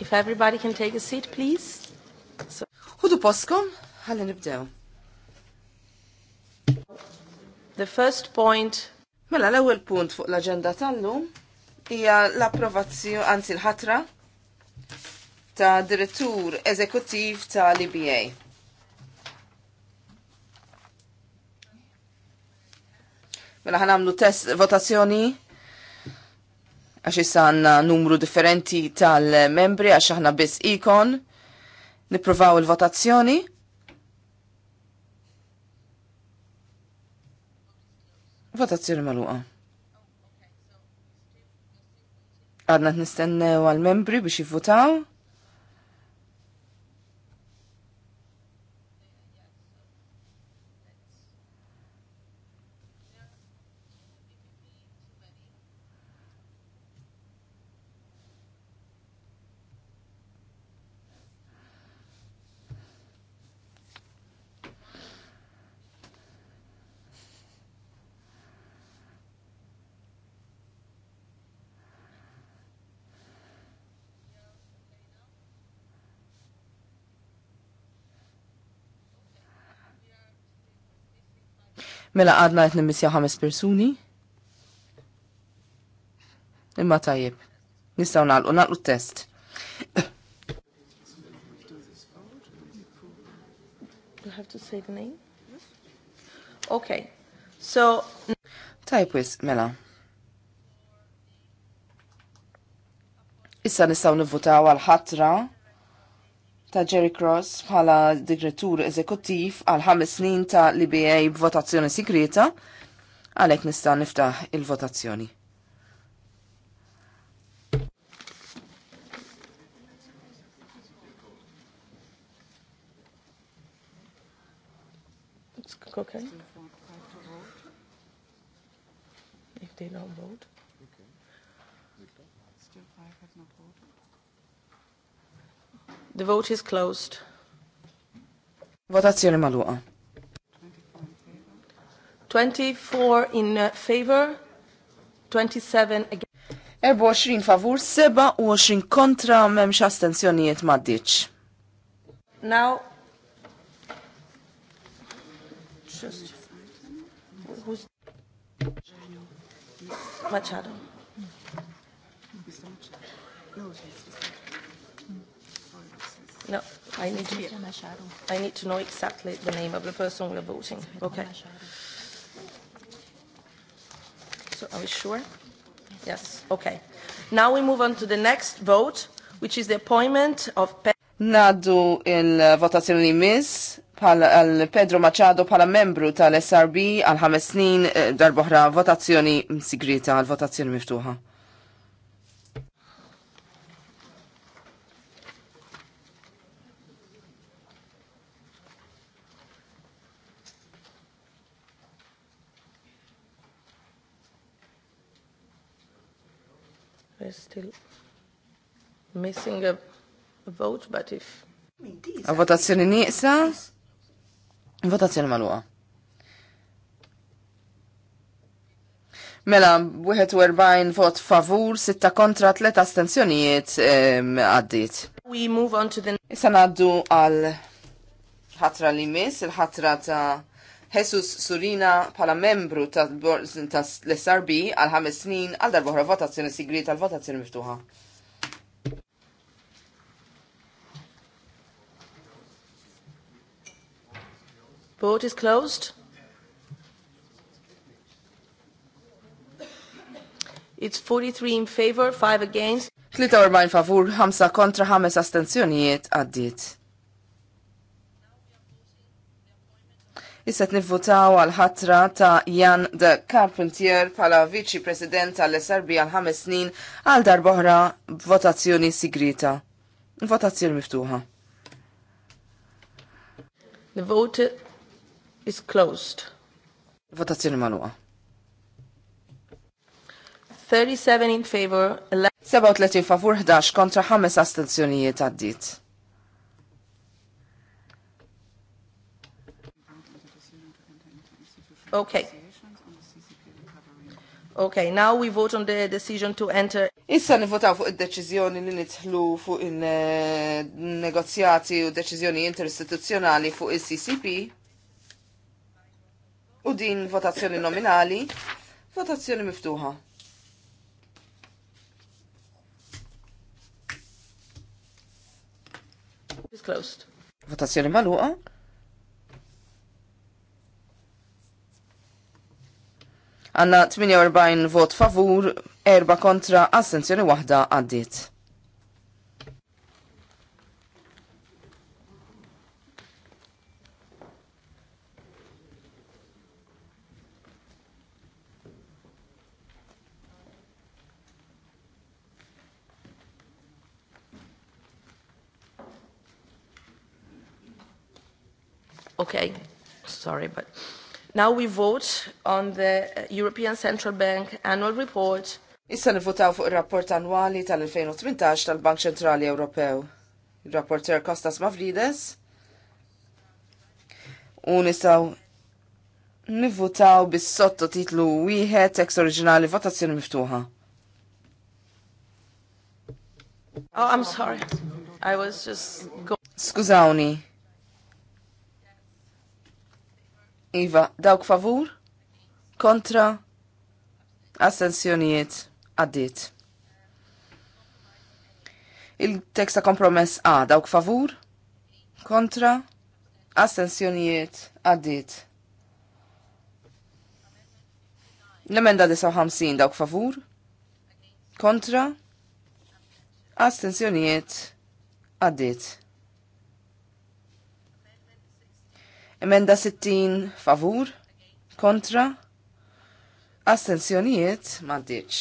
If everybody can take a seat, please. Hudu poskom, ħalli nibdew. The first point. Mela l-ewwel punt fuq l-aġenda tal-lum hija l-approvazzjoni anzi l-ħatra ta' direttur eżekuttiv ta' l-IBA. Mela ħanamlu test votazzjoni għax issa għanna numru differenti tal-membri għax aħna biss ikon. Nipruvaw il-votazzjoni. Votazzjoni maluqa. Għadna t-nistennew għal-membri biex jivvotaw. Mela għadna qed nimissja ħames persuni. Imma tajib. Nistaw nagħlqu nagħlqu test You have to say the name? Okay. So Tajib wis, mela. Issa nistaw nivvutaw għal ħatra ta' Jerry Cross bħala digretur eżekuttiv għal ħames snin ta' LBA b'votazzjoni segreta, għalhekk nista' niftaħ il-votazzjoni. Okay. If they don't vote. The vote is closed. Votazzjoni maluqa. 24 in uh, favor, 27 against. 24 favur, 27 kontra, memx astenzjonijiet maddiċ. Now, just, who's, Machado. No, No, I need, to, I need to know exactly the name of the person we're voting. Okay. So are we sure? Yes, okay. Now we move on to the next vote, which is the appointment of... Pe Nadu il-votazzjoni miss għal Pedro Machado pala membru tal-SRB għal ħames snin eh, darboħra votazzjoni msigrita għal votazzjoni miftuħa. We're still missing a, vote, but if... A votazzjoni nieqsa? Votazzjoni maluqa. Mela, 41 vot favur, 6 kontra, 3 astenzjonijiet għaddit. We move on to the... Issa naddu għal ħatra li miss, il-ħatra ta' Jesus Surina pala membru tal-SRB għal ħames snin għal darba votazzjoni sigri tal-votazzjoni miftuħa. Vote is closed. It's 43 in favor, 5 against. 43 favur, 5 kontra, 5 astenzjonijiet għaddiet. Issa nivvotaw għal ħatra ta' Jan de Carpentier pala viċi president tal srb għal ħames snin għal darboħra votazzjoni sigrita. Votazzjoni miftuħa. The vote is closed. Votazzjoni manuqa. 37 in favor, 37 favur 11 kontra 5 astenzjonijiet għaddit. Okay. Okay, now we vote on the decision to enter. Issa nivotaw fuq id-deċiżjoni li nidħlu fuq in-negozjati eh, u deċiżjoni interistituzzjonali fuq il-CCP u din votazzjoni nominali, votazzjoni miftuħa. It's closed. Votazzjoni maluqa. Għanna 48 vot favur, 4 kontra, assenzjoni wahda għaddit. Okay, sorry, but Now we vote on the European Central Bank Annual Report. Issa nivvotaw fuq ir-rapport annwali tal-2018 tal-Bank Ċentrali Ewropew. Il-rapporter Kostas Mavrides. U nistaw nivvotaw bis-sotto titlu wieħed tekst oriġinali votazzjoni miftuħa. Oh, I'm sorry. I was just... going Skużawni. Iva, dawk favur? Kontra? Assenzjonijiet? Għaddit. Il-tekst ta' kompromess A, dawk favur? Kontra? assenzjonijiet, Għaddit. L-emenda 59 dawk favur? Kontra? Astensjonijiet? Għaddit. Emenda 60 favur kontra astensjonijiet maddiċ.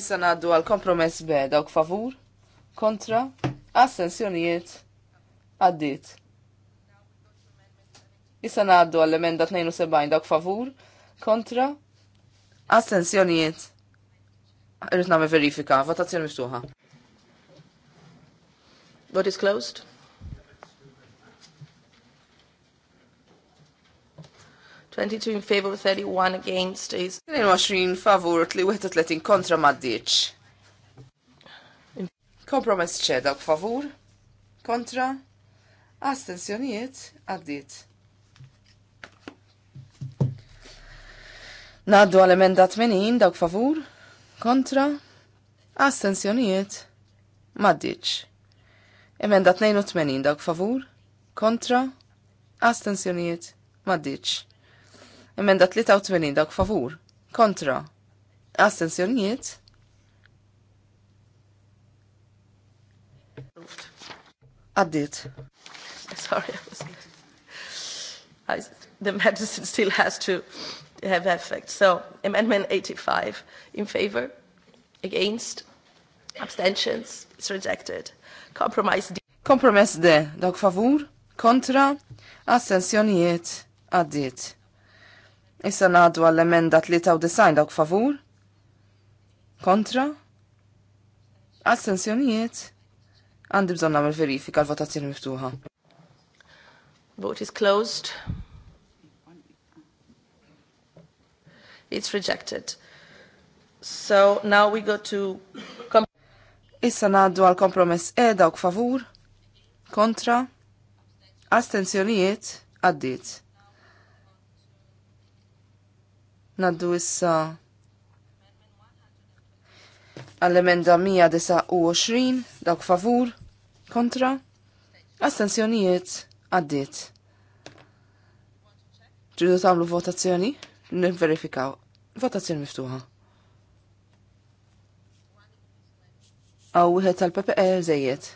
Issa naddu għal kompromess B dawk favur kontra astensjonijiet għaddit. Issa naddu għall emenda 72 dawk favur kontra astensjonijiet. Irrit nagħmel verifika, votazzjoni miftuħa. Vote is closed. 22 in favor, 31 against. 22 favur, 31 kontra maddiċ. Kompromess ċedak favur, kontra, astensjonijiet, għaddit. Naddu għal-emenda 80, dawk favur, kontra, astensjonijiet, maddiċ. Emenda 82, dawk favur, kontra, astensjonijiet, maddiċ. Emenda 83 dak favur. Kontra. Astensjonijiet. Addit. Sorry, I was I, the medicine still has to have effect. So, Amendment 85 in favor, against, abstentions, it's rejected. Compromise D. Compromise D, Dog favor, contra, astensjonijiet, addit. Issa naħdu għall-emenda 93 dawk favur. Kontra? Astensjonijiet? Għandi bżonn nagħmel verifika l-votazzjoni miftuħa. Vote is closed. It's rejected. So now we go to Issa naħdu għal kompromess E dawk favur, kontra, astenzjonijiet, Addit. Naddu issa għall-emenda 129 dawk favur kontra astensjonijiet għaddiet. Ġridu tagħmlu votazzjoni? Nivverifikaw. Votazzjoni miftuħa. Għaw wieħed tal-PPE zejiet.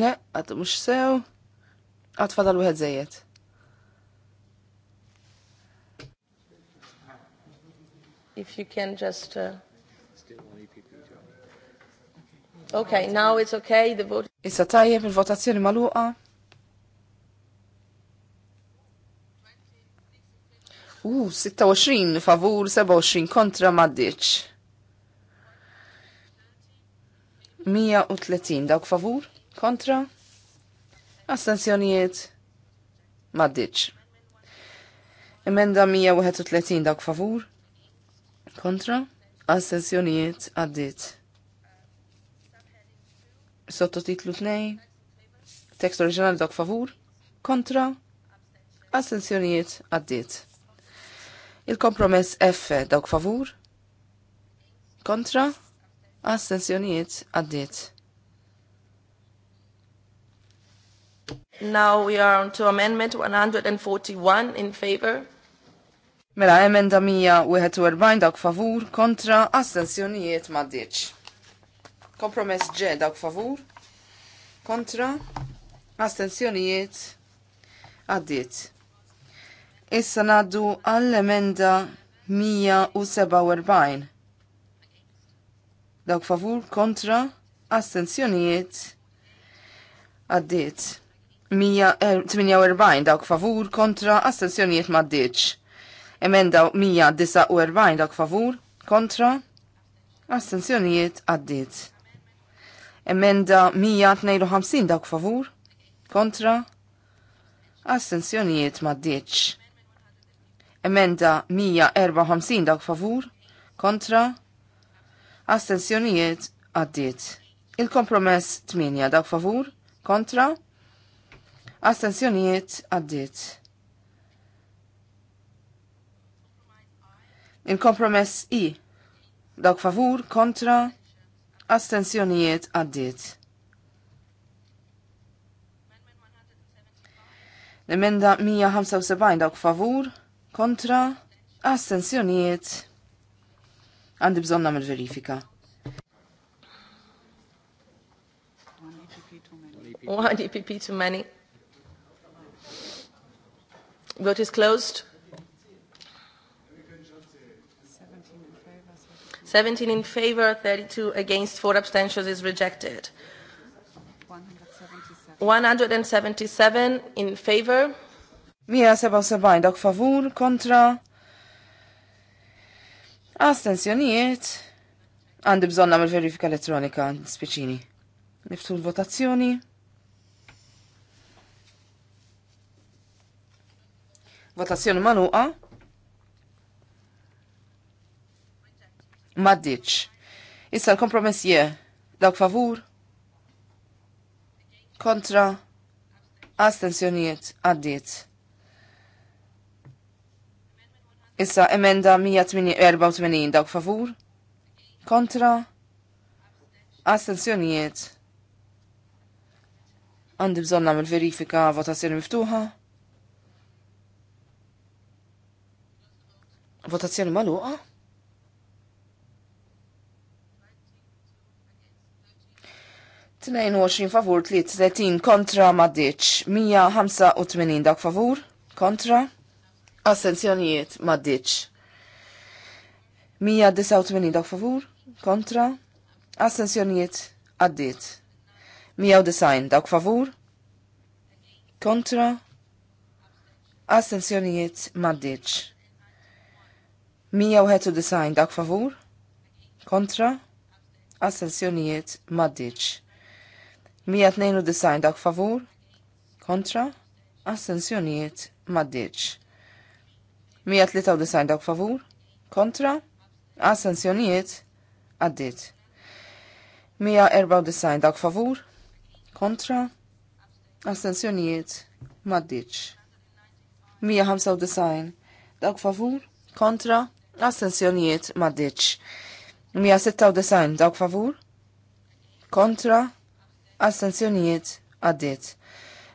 Le, għad mhux sew, għad fadal wieħed żejjed. if you can just... Uh... Okay, now it's okay, the vote... Issa tajjeb il-votazzjoni Uh 26 favur, 27 kontra maddiċ. 130 dawk favur, kontra, astensjonijiet, maddiċ. Emenda 131 dawk favur, kontra, Assenzjonijiet għaddit. Sottotitlu 2, tekst oriġinali dok favur, kontra, astensjonijiet għaddit. Il-kompromess F Dok favur, kontra, astensjonijiet għaddit. Now we are on to amendment 141 in favor. Mela emenda 141 dawk favur kontra astensjonijiet ma ditx. Kompromess ġe dawk favur kontra astensjonijiet għaddiet. Issa naddu għall-emenda 147. Dawk favur kontra astensjonijiet għaddiet. 148 dawk favur kontra astensjonijiet ma ditx. Er, Emenda 149 dak favur kontra astensjonijiet għaddit. Emenda 152 dak favur kontra astensjonijiet maddiċ. Emenda 154 dak favur kontra astensjonijiet għaddit. Il-kompromess 8 dak favur kontra astensjonijiet għaddit. in kompromess I. Dawk favur kontra astensjonijiet għaddiet. L-emenda 175 dawk favur kontra astensjonijiet għandi bżonna mill-verifika. One EPP e too many. Vote is closed. 17 in favor, 32 against, 4 abstentions is rejected. 177 in favor. 177 dak favur kontra. Astensjonijiet. Għandi bżonna mill verifika elettronika speċini. Niftu l-votazzjoni. Votazzjoni manuqa? maddiċ. Issa l-kompromess jie, dawk favur, kontra, astensjonijiet għaddiet. Issa emenda 184 dawk favur, kontra, astensjonijiet għandi bżon nagħmel verifika votazzjoni miftuħa. Votazzjoni magħluqa? 22 favur 33 kontra maddiċ 185 dak favur kontra assenzjonijiet maddiċ 189 dak favur kontra assenzjonijiet għaddit 190 dak favur kontra assenzjonijiet maddiċ 191 dak favur kontra assenzjonijiet maddiċ 192 dak favur, kontra, assenzjonijiet maddiċ. 193 dak favur, kontra, assenzjonijiet għaddit. 194 dak favur, kontra, assenzjonijiet maddiċ. 195 dak favur, kontra, assenzjonijiet maddiċ. 196 dak favur, kontra, astenzjonijiet għaddit.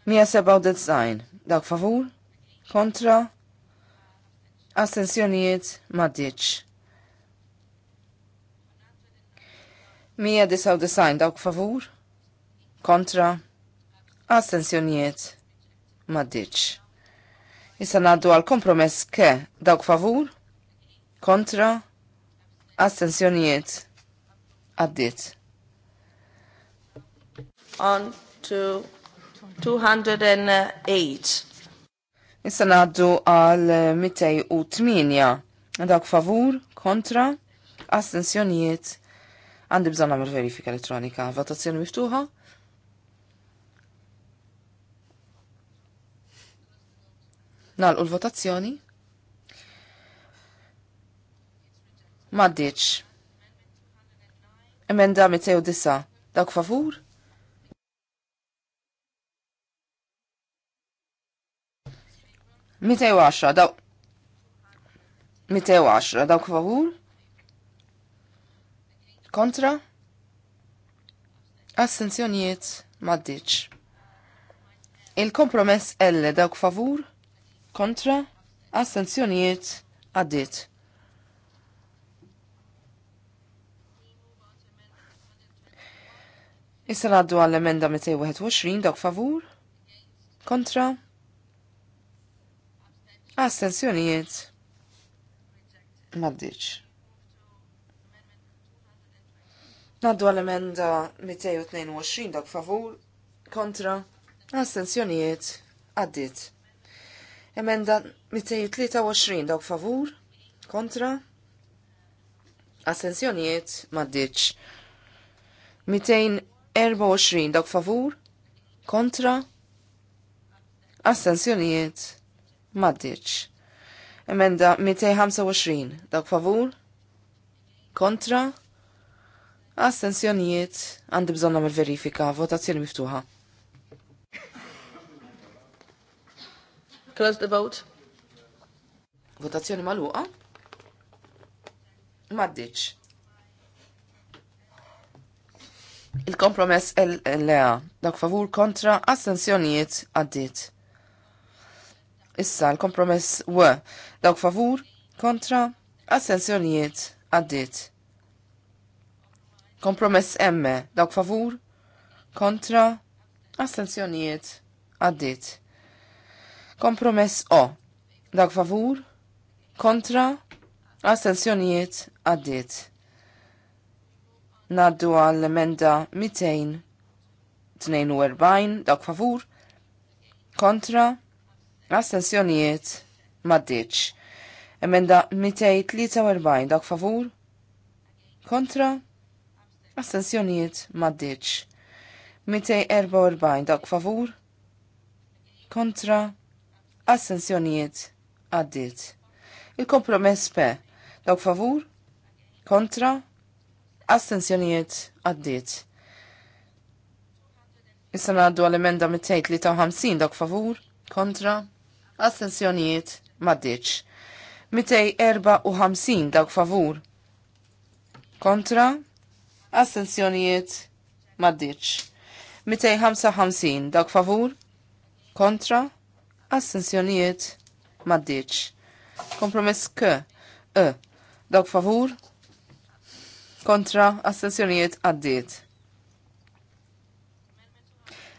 197 dawk favur kontra astenzjonijiet maddiċ. 199 dawk favur kontra astenzjonijiet maddiċ. Issa naddu għal kompromess ke dawk favur kontra astenzjonijiet għaddit on to 208. Issa naddu għal 208. Dak favur, kontra, astensjonijiet. Għandi bżon għamil verifika elettronika. Votazzjoni miftuħa? Nalqu l-votazzjoni? Maddiċ. Emenda 209. Dak favur? 210 daw 210 daw kontra assenzjonijiet maddiċ il-kompromess L dawk favur kontra assenzjonijiet għaddit Issa għaddu għall-emenda 221 dawk favur kontra Astenzjonijiet. Maddiċ. Naddu għal-emenda 222 dak favur kontra astenzjonijiet għaddit. Emenda 223 dak favur kontra astenzjonijiet maddiċ. 224 dak favur kontra astenzjonijiet maddiċ. Emenda 225, Dak favur, kontra, astensjonijiet, għandi bżonna mill verifika votazzjoni miftuħa. Close the vote. Votazzjoni maluqa? Maddiċ. Il-kompromess l-lea, dak favur kontra, astensjonijiet, għaddit. Issa l-kompromess U. Dawk favur kontra assenzjonijiet għaddit. Kompromess M. Dawk favur kontra assenzjonijiet għaddit. Kompromess O. Dawk favur kontra assenzjonijiet għaddit. Naddu għall-emenda 242 dawk favur kontra Astensjonijiet maddiċ. Emenda 243 dak favur? Kontra? Astensjonijiet maddiċ. 244 dak favur? Kontra? Astensjonijiet għaddit. Il-kompromess P. Dak favur? Kontra? Astensjonijiet għaddit. Issa għaddu għal-emenda 253 dak favur? Kontra? Astenzjonijiet maddiċ. 254 dawk favur. Kontra. Astenzjonijiet maddiċ. 255 dawk favur. Kontra. Astenzjonijiet maddiċ. Kompromess k. E. Dawk favur. Kontra. Astenzjonijiet għaddiet.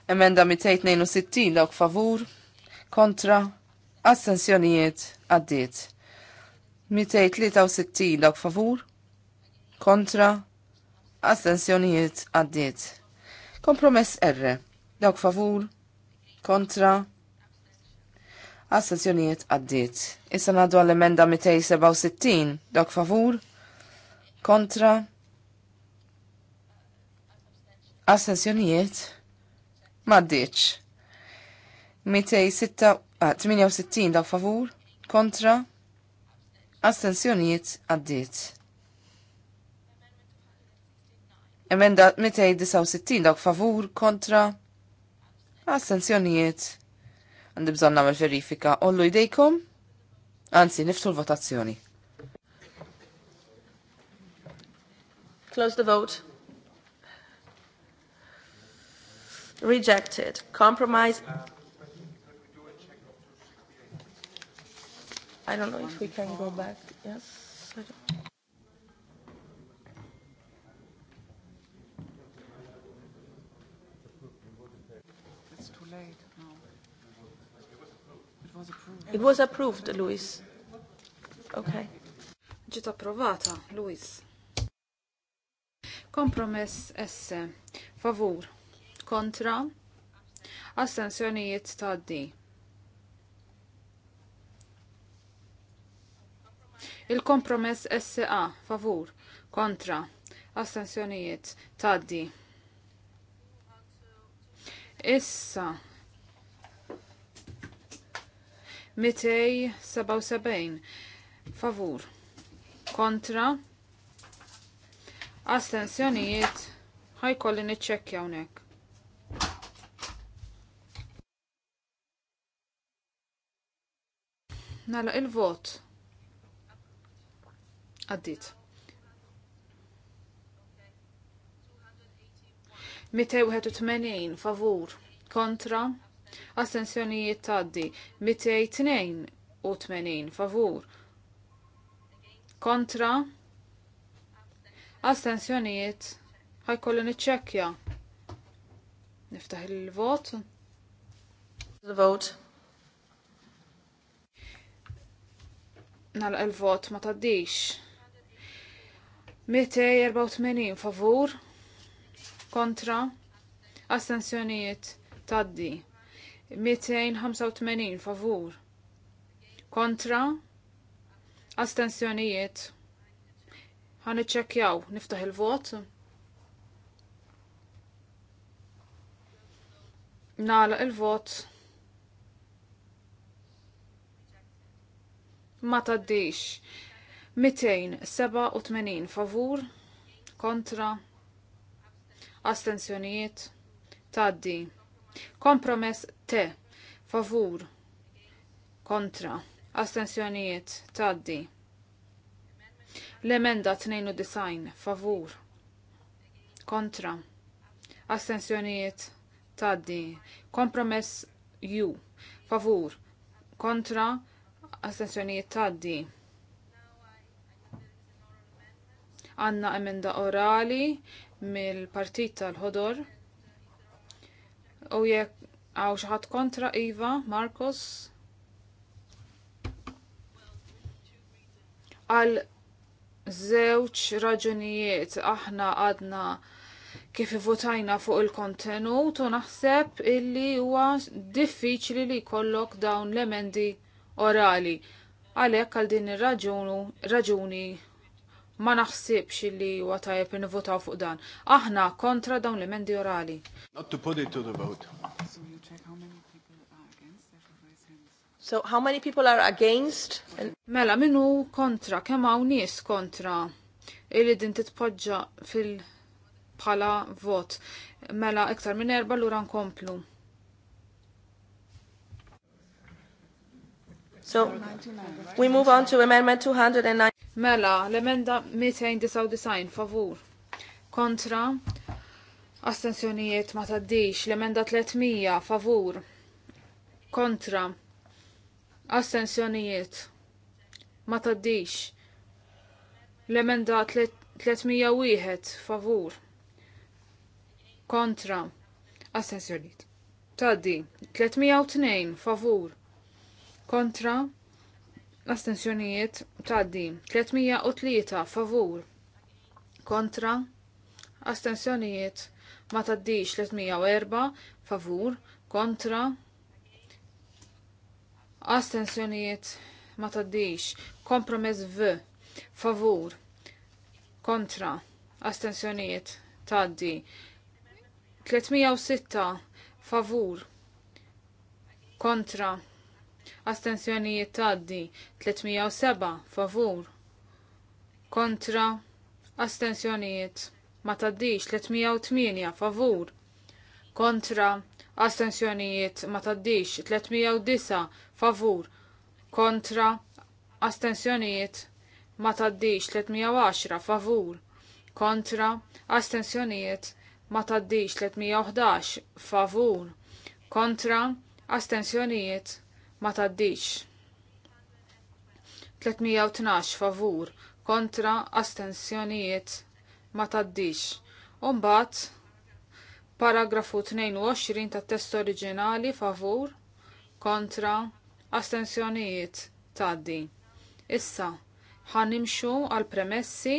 Emenda 262 dawk favur kontra Astensjonijiet għaddiet. 263 dak favur. Kontra. Astensjonijiet għaddiet. Kompromess R. Dak favur. Kontra. Astensjonijiet għaddiet. Issa naddu għall-emenda 267 dak favur. Kontra. Astensjonijiet maddiċ. 268 ah, daw favur kontra astensjonijiet għaddiet. Emenda 269 daw favur kontra astensjonijiet għandi bżon namel verifika. Ollu idejkom? Anzi, niftu l-votazzjoni. Close the vote. Rejected. Compromise I don't know if we can go back. Yes. I don't. It's too late now. It was approved. It was approved, Luis. Okay. Ġiet approvata, Luis. Kompromess S. Favur. Kontra. Astensjonijiet ta' D. Il-kompromess SA favur kontra astensjonijiet taddi. Issa 277 favur kontra astensjonijiet ħajkolli niċċekkja hawnhekk. Nala il-vot. Għaddit. 281 favur kontra astensjonijiet taddi 282 favur kontra astensjonijiet ħajkollu niċċekkja niftaħ il-vot il-vot nalqa il-vot ma taddix 284 favur kontra astensjonijiet taddi 285 favur kontra astensjonijiet ħan iċċekjaw niftaħ il-vot nala il-vot ma taddix 287 favur kontra astensjonijiet taddi. Kompromess T favur kontra astensjonijiet taddi. L-emenda 92 favur kontra astensjonijiet taddi. Kompromess U favur kontra astensjonijiet taddi Għanna emenda orali mill-partit tal-ħodor. U jekk għaw xaħat kontra Iva, Marcos. Għal zewċ raġunijiet aħna għadna kif votajna fuq il-kontenut u naħseb illi huwa diffiċli li jkollok dawn l-emendi orali. Għalhekk għal din ir-raġuni ma naħsibx li huwa tajjeb li nivvotaw fuq dan. Aħna kontra dawn l-emendi orali. Not to put it to the vote. So how many people are against? Mela minu kontra, kemm hawn nies kontra illi din titpoġġa fil pala vot. Mela iktar minn erba' lura nkomplu. So, we move on to Amendment 209. Mela, l-emenda 299, favur. Kontra, astensjonijiet ma taddix, l-emenda 300, favur. Kontra, astensjonijiet ma taddix. L-emenda 301, favur. Kontra, astensjonijiet. Taddi, 302, favur kontra astensjonijiet taddi 303 favur kontra astensjonijiet ma taddix 304 favur kontra astensjonijiet ma taddix kompromess v favur kontra astensjonijiet taddi 306 favur kontra astensjonijiet taddi 307 favur kontra astensjonijiet ma taddix 308 favur kontra astensjonijiet ma taddix 309 favur kontra astensjonijiet ma taddix 310 favur kontra astensjonijiet ma taddix 311 favur kontra astensjonijiet ma taddix. 312 favur kontra astensjonijiet ma taddix. Umbat, paragrafu 22 ta' test oriġinali favur kontra astensjonijiet taddi. Issa, ħanimxu għal premessi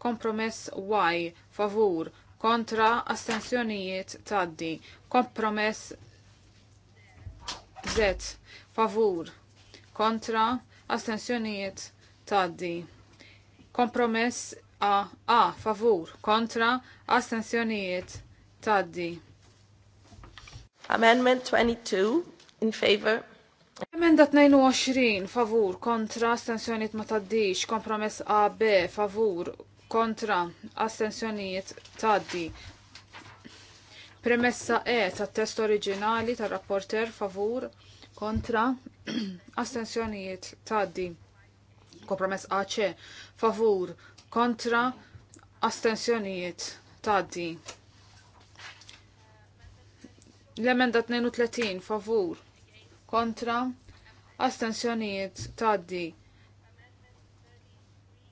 kompromess Y favur kontra astensjonijiet taddi. Kompromess Z favur kontra astensjonijiet taddi. Kompromess a a favur kontra astensjonijiet taddi. Amendment 22 in favor. Emenda 22 favur kontra astensjonijiet ma taddix, kompromess a b, favur kontra astensjoniet taddi. Premessa E tat test oriġinali tar rapporter favur kontra astensjonijiet taddi kompromess AC favur kontra astensjonijiet taddi l-emenda 32 favur kontra astensjonijiet taddi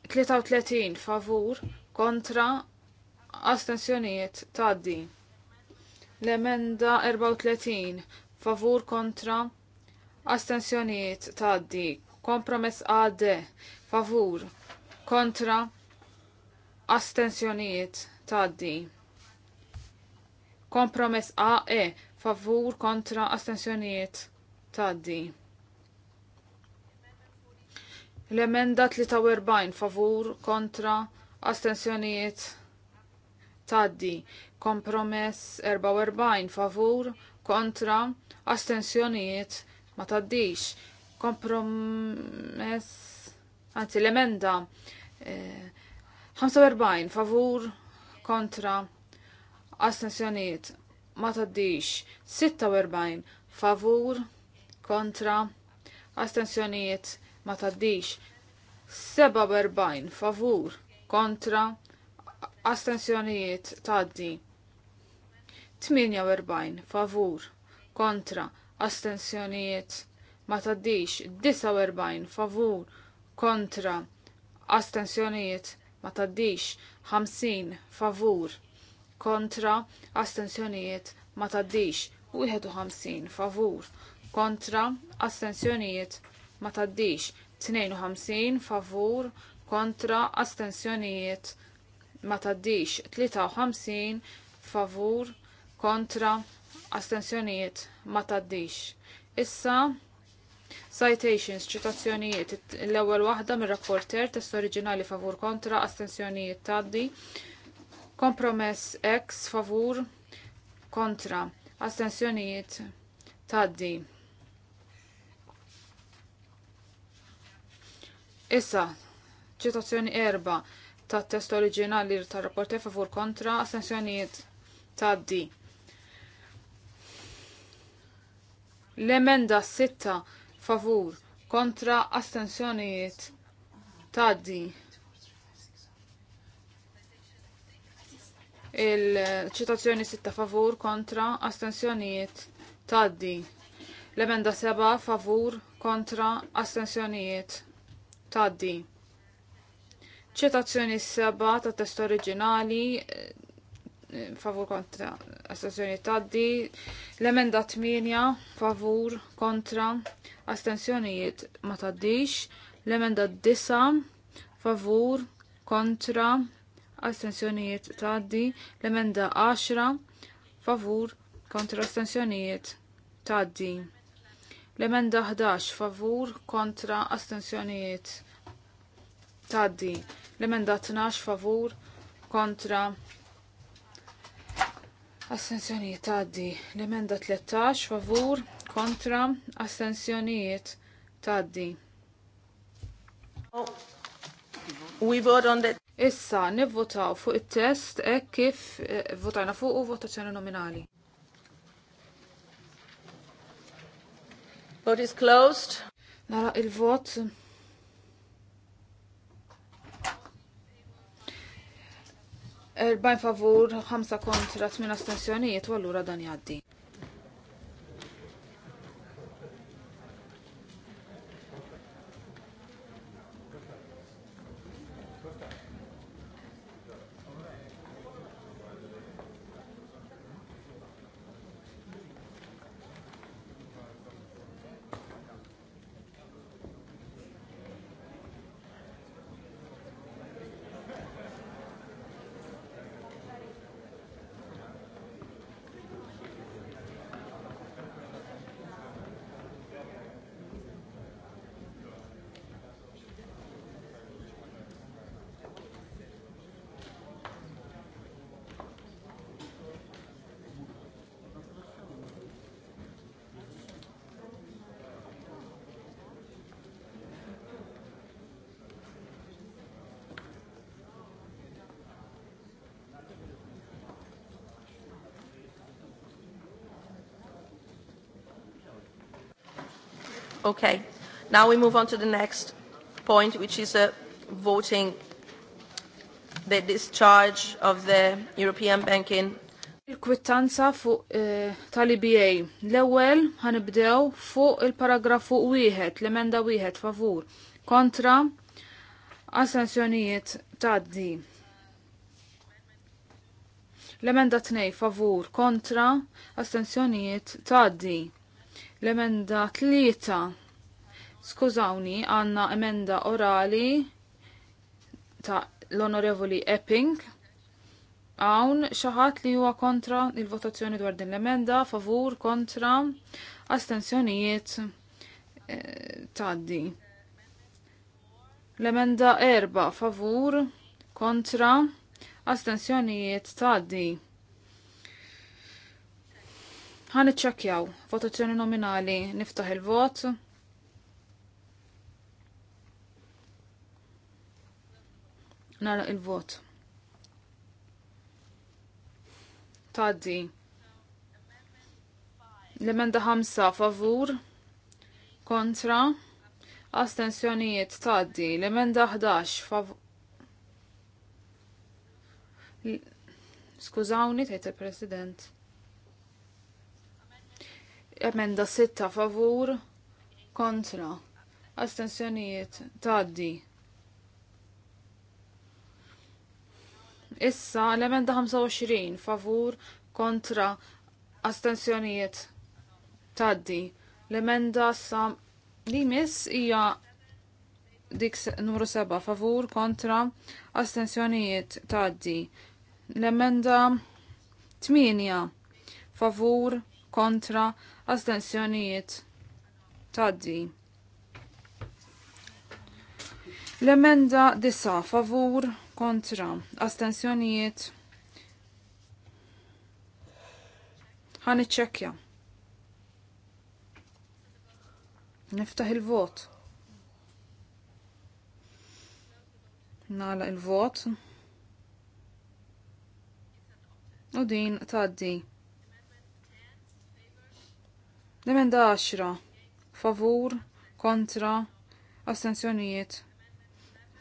33 favur kontra astensjonijiet taddi l-emenda 34 favur kontra astensjonijiet taddi kompromess AD favur kontra astensjonijiet taddi kompromess AE favur kontra astensjonijiet taddi l-emenda 43 favur kontra astensjonijiet taddi kompromess 44 favur kontra astensjonijiet ma taddix. Kompromess, anzi l-emenda, 45 eh, favur kontra astensjoniet ma taddix. 46 favur kontra astensjoniet ma taddix. 47 favur kontra astensjonijiet taddi 48 favur kontra astensjonijiet ma taddix 49 favur kontra astensjonijiet ma taddix 50 favur kontra astensjonijiet ma taddix 51 favur kontra astensjonijiet ma taddix 52 favur kontra astensjonijiet ma taddix 53 favur kontra astensjonijiet ma taddix. Issa, citations, ċitazzjonijiet, l-ewwel waħda mir-rapporter test oriġinali favur kontra, astensjonijiet taddi, kompromess ex favur kontra, astensjonijiet taddi. Issa, citazzjoni erba ta' test oriġinali tar rapporter favur kontra, astensjonijiet taddi. L-emenda Sitta favur kontra astensjonijiet taddi. Il-ċitazzjoni sitta favur kontra astensjonijiet taddi. L-emenda seba' favur kontra astensjonijiet taddi. Ċitazzjoni seba' ta' test oriġinali favur kontra astensjoni taddi, l-emenda 8 favur kontra astensjonijiet ma taddix, l-emenda 9 favur kontra astensjonijiet taddi, l-emenda 10 favur kontra astensjonijiet taddi. L-emenda 11 favur kontra astensjonijiet taddi. L-emenda 12 favur kontra Astenzjonijiet għaddi. L-emenda 13 favur kontra astenzjonijiet taddi. We vote on the... Issa nivvotaw fuq it-test e kif e, votajna fuq u votazzjoni nominali. Vote is closed. Nara il-vot erbajn favur, ħamsa kontra tmien astensjonijiet, u allura dan jgħaddi. Okay. Now we move on to the next point, which is uh, voting the discharge of the European Banking Il-kwittanza fuq eh, tal-IBA. L-ewwel ħanibdew fuq il-paragrafu wieħed, l-emenda wieħed favur. Kontra assenzjonijiet taddi. L-emenda tnej favur kontra astensjonijiet taddi. L-emenda tlieta. Skużawni, għanna emenda orali ta' l-onorevoli Epping. Għawn xaħat li huwa kontra il-votazzjoni dwar din l-emenda, favur, kontra, astensjonijiet eh, taddi. L-emenda erba favur, kontra, astensjonijiet taddi. Ħan iċċakjaw, votazzjoni nominali, niftaħ il-vot. Nara il-vot. Taddi. L-emenda ħamsa favur, kontra, astensjonijiet taddi. L-emenda 11 favur. Skużawni, tgħid il-President. Emenda sitta, favur kontra. Astensjonijiet taddi. Issa l-emenda 25 favur kontra astensjonijiet taddi. L-emenda sa li miss hija dik numru 7 favur kontra astensjonijiet taddi. L-emenda 8 favur kontra astensjonijiet taddi. L-emenda disa favur kontra astensjonijiet ħan ċekja. Niftaħ il-vot. Nala il-vot. U din taddi. L-emenda 10 favur kontra astensjonijiet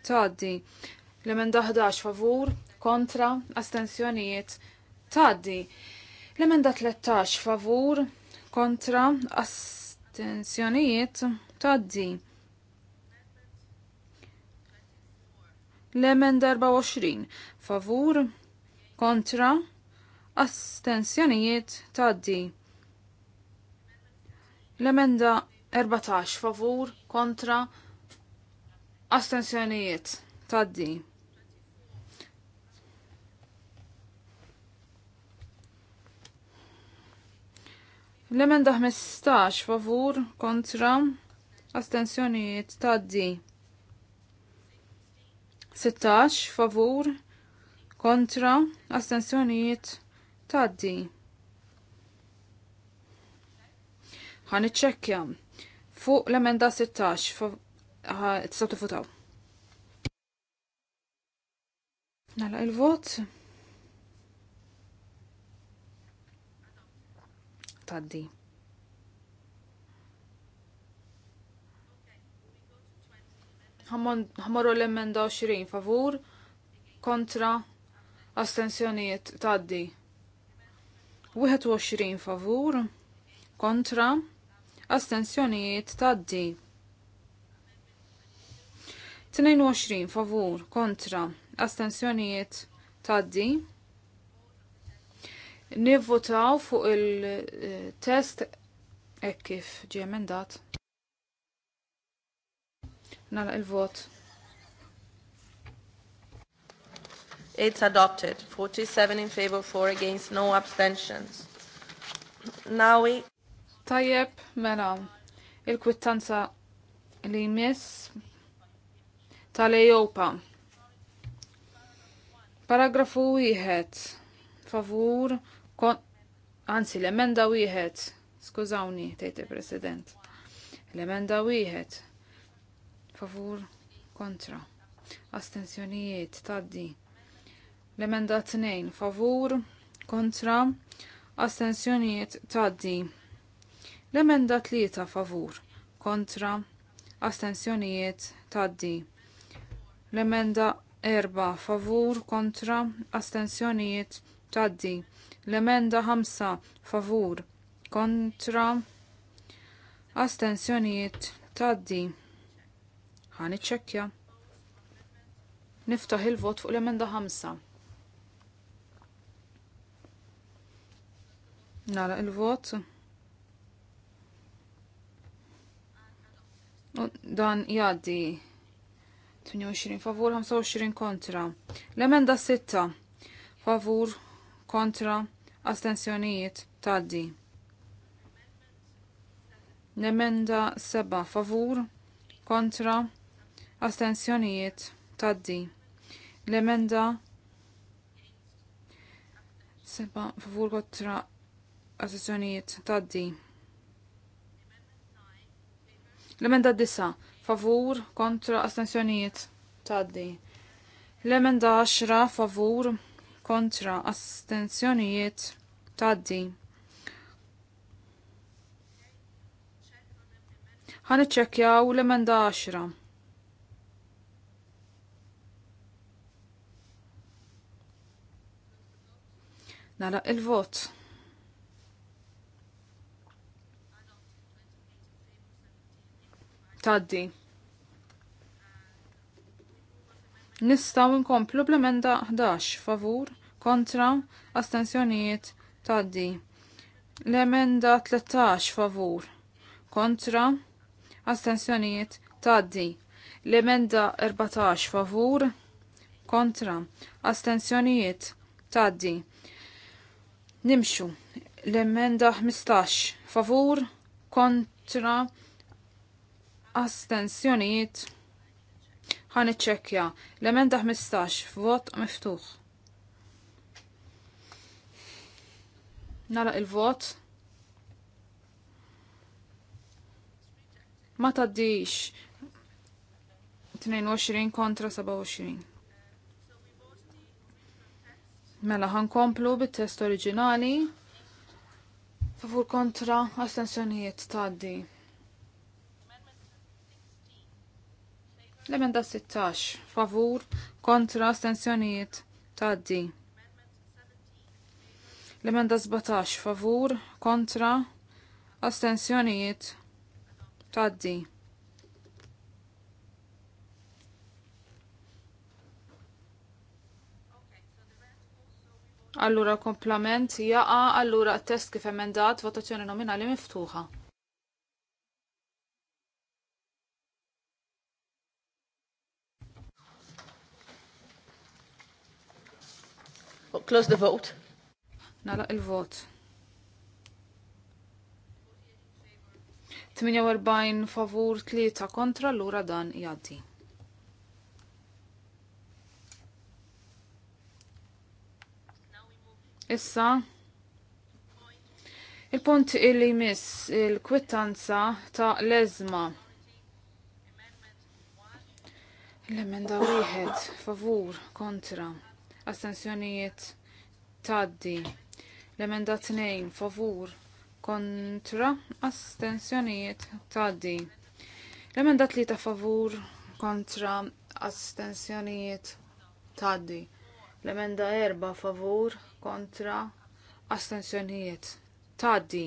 taddi. L-emenda 11 favur kontra astensjonijiet taddi. L-emenda 13 favur kontra astensjonijiet taddi. L-emenda 24 favur kontra astensjonijiet taddi. L-emenda 14 favur kontra astensjonijiet taddi. L-emenda 15 favur kontra astensjonijiet taddi. 16 favur kontra astensjonijiet taddi. ħan iċċekkja fuq l-emenda 16 tistgħu tifutaw. Nala il-vot. Taddi. ħamorru l-emenda 20 favur kontra astensjonijiet taddi. 21 favur kontra astensjonijiet taddi. 22 favur kontra astensjonijiet taddi. Nivvotaw fuq il-test ekkif kif ġie emendat. Nagħlaq il-vot. It's adopted. 47 in favor, 4 against, no abstentions. Now we Tajjeb, mela, il-kwittanza li jmiss tal-Ejopa. Paragrafu wieħed, favur, kon... anzi, l-emenda wieħed, skużawni, tejte president. L-emenda wieħed, favur, kontra. Astenzjonijiet, taddi. L-emenda 2, favur, kontra. Astenzjonijiet, taddi L-emenda tlieta favur kontra astensjonijiet taddi. L-emenda erba favur kontra astensjonijiet taddi. L-emenda ħamsa favur kontra astensjonijiet taddi. Ħani iċċekkja. Niftaħ il-vot fuq l-emenda ħamsa. Nara il-vot. Dan jaddi 28 favur, 25 kontra. L-emenda 6 favur, kontra, astensjonijiet taddi. L-emenda 7 favur, kontra, astensjonijiet taddi. L-emenda 7 favur kontra astensjonijiet taddi. L-emenda disa, favur kontra astensjonijiet taddi. L-emenda 10, favur kontra astensjoniet, taddi. ħan iċċekjaw l-emenda 10. Nalaq il-vot. taddi. Nistgħu nkomplu bl-emenda 11 favur kontra astensjonijiet taddi. L-emenda 13 favur kontra astensjonijiet taddi. L-emenda 14 favur kontra astensjonijiet taddi. Nimxu l-emenda 15 favur kontra astensjonijiet ħan iċċekkja l-emenda 15 f'vot miftuħ. Nara il-vot. Ma taddix 22 kontra 27. Mela ħan komplu bit-test oriġinali favur kontra astensjonijiet taddi. L-emenda 16, favur kontra astensjonijiet D. L-emenda 17, favur kontra astensjonijiet D. Allura komplament jaqa, allura test kif emendat votazzjoni nominali miftuħa. Oh, close the vote. Nala il-vot. 48 favur 3 kontra l-ura dan jaddi. Issa, il-punt illi miss: il-kwittanza ta' lezma. L-emenda wieħed favur kontra astensjonijiet taddi. L-emenda 2 favur kontra astensjonijiet taddi. L-emenda 3 favur kontra astensjonijiet taddi. L-emenda 4 favur kontra astensjonijiet taddi.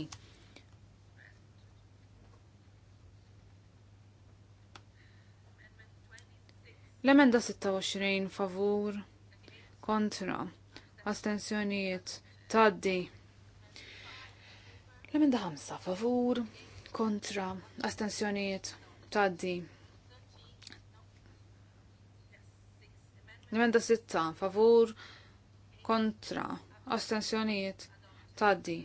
L-emenda 26 favur kontra astensjonijiet taddi l-emenda ħamsa favur kontra astensjonijiet taddi l-emenda sitta favur kontra astensjonijiet taddi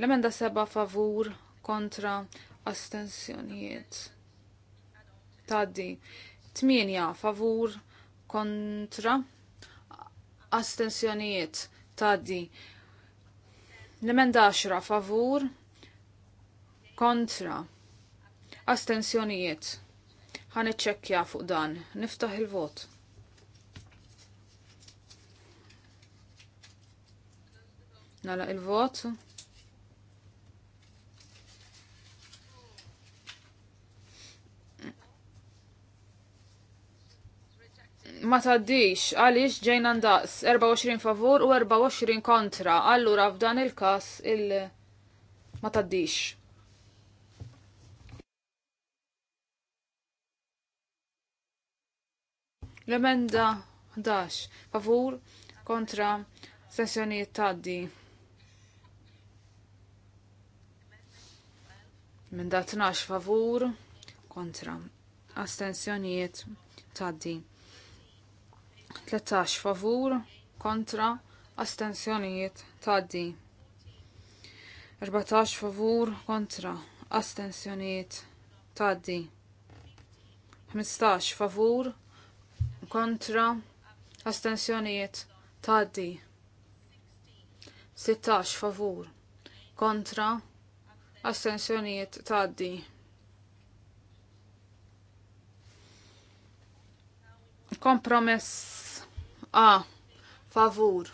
l-emenda seba' favur kontra astensjonijiet taddi Tminja favur kontra astensjonijiet ta' di. Nemenda 10 favur kontra astensjonijiet. Ħan iċċekkja fuq dan. Niftaħ il-vot. Nala il-vot. ma taddix għaliex ġejna ndaqs 24 favur u 24 kontra. Allura f'dan il-każ il ma taddix. L-emenda 11 favur kontra sessjonijiet taddi. Minda 12 favur kontra astensjonijiet taddi. 13 favur kontra astensjonijiet taddi 14 favur kontra astensjonijiet taddi 15 favur kontra astensjonijiet taddi 16 favur kontra astensjonijiet taddi kompromess A. Favur.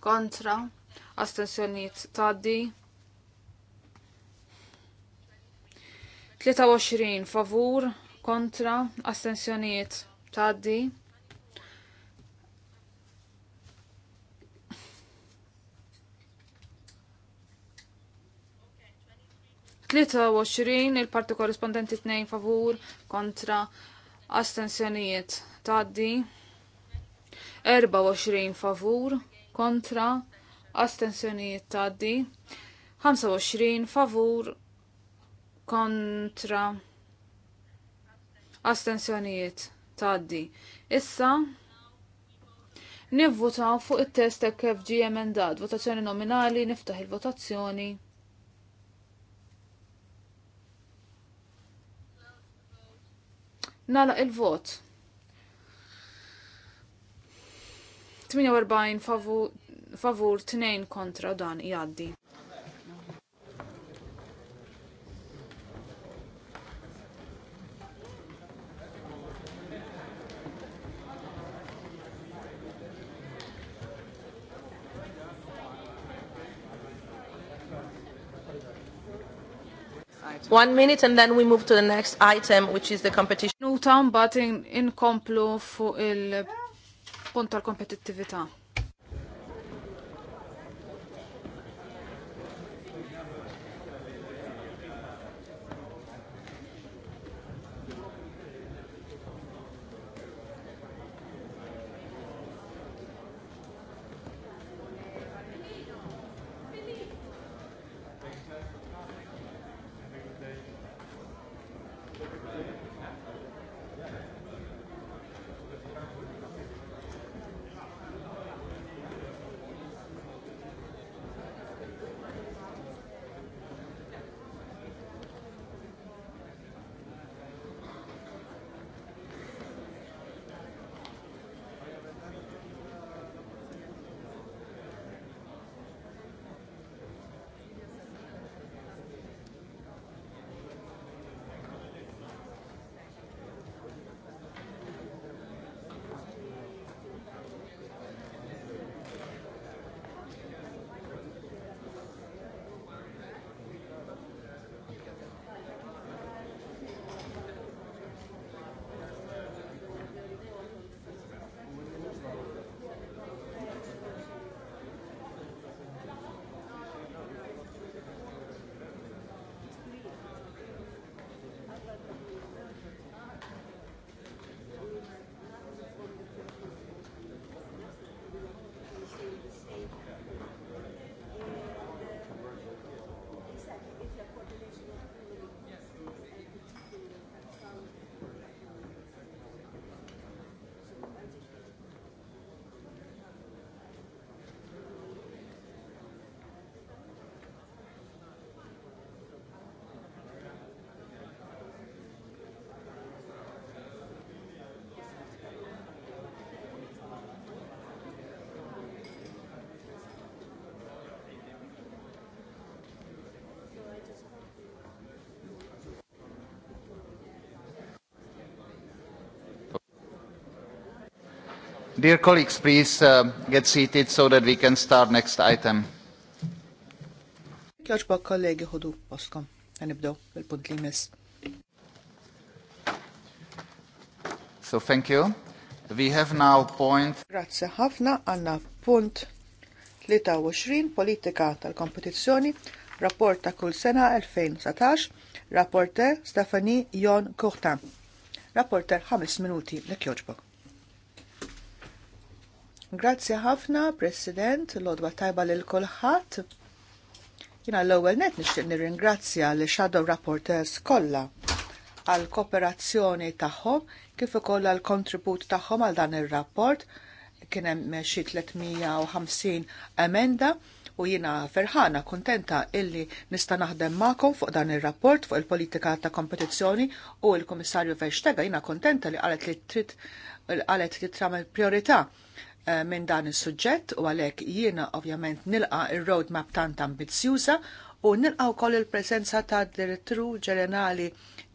Kontra. Astensjoniet taddi. 23 favur kontra astensjoniet taddi. 23 il-parti korrispondenti 2 favur kontra astensjonijiet taddi. 24 favur kontra astensjonijiet taddi 25 favur kontra astensjonijiet taddi issa nivvuta fuq it-test ta' kif ġie emendat, votazzjoni nominali, niftaħ il-votazzjoni. Nala il-vot. 48 favur, favur 2 kontra dan jaddi. One minute and then we move to the next item which is the competition. Nuta mbagħad inkomplu fuq il fil-punt tal-kompetittività. Dear colleagues, please uh, get seated so that we can start next item. poskom, il-punt li So thank you. We have now point. Grazie ħafna għanna punt 23 politika tal-kompetizzjoni, rapport ta' kull sena 2017, rapporter Stefani Jon Kurtan. Rapporter 5 minuti l kjoġbok Grazzi ħafna, President, l-odba tajba lil kulħadd. Jina l-ewwel net nixtieq nirringrazzja l shadow rapporteurs kollha għal kooperazzjoni tagħhom kif ukoll għal kontribut tagħhom għal dan ir-rapport kien hemm xi 350 emenda u jiena ferħana kontenta illi nista' naħdem magħkom fuq dan ir-rapport fuq il-politika ta' kompetizzjoni u l-Kummissarju Verstega jiena kontenta li qalet li trid qalet li tagħmel priorità Eh, minn dan is-suġġett u għalhekk jiena ovvjament nilqa ir-roadmap tant ambizzjuża u nilqaw koll il-prezenza ta' direttru ġenerali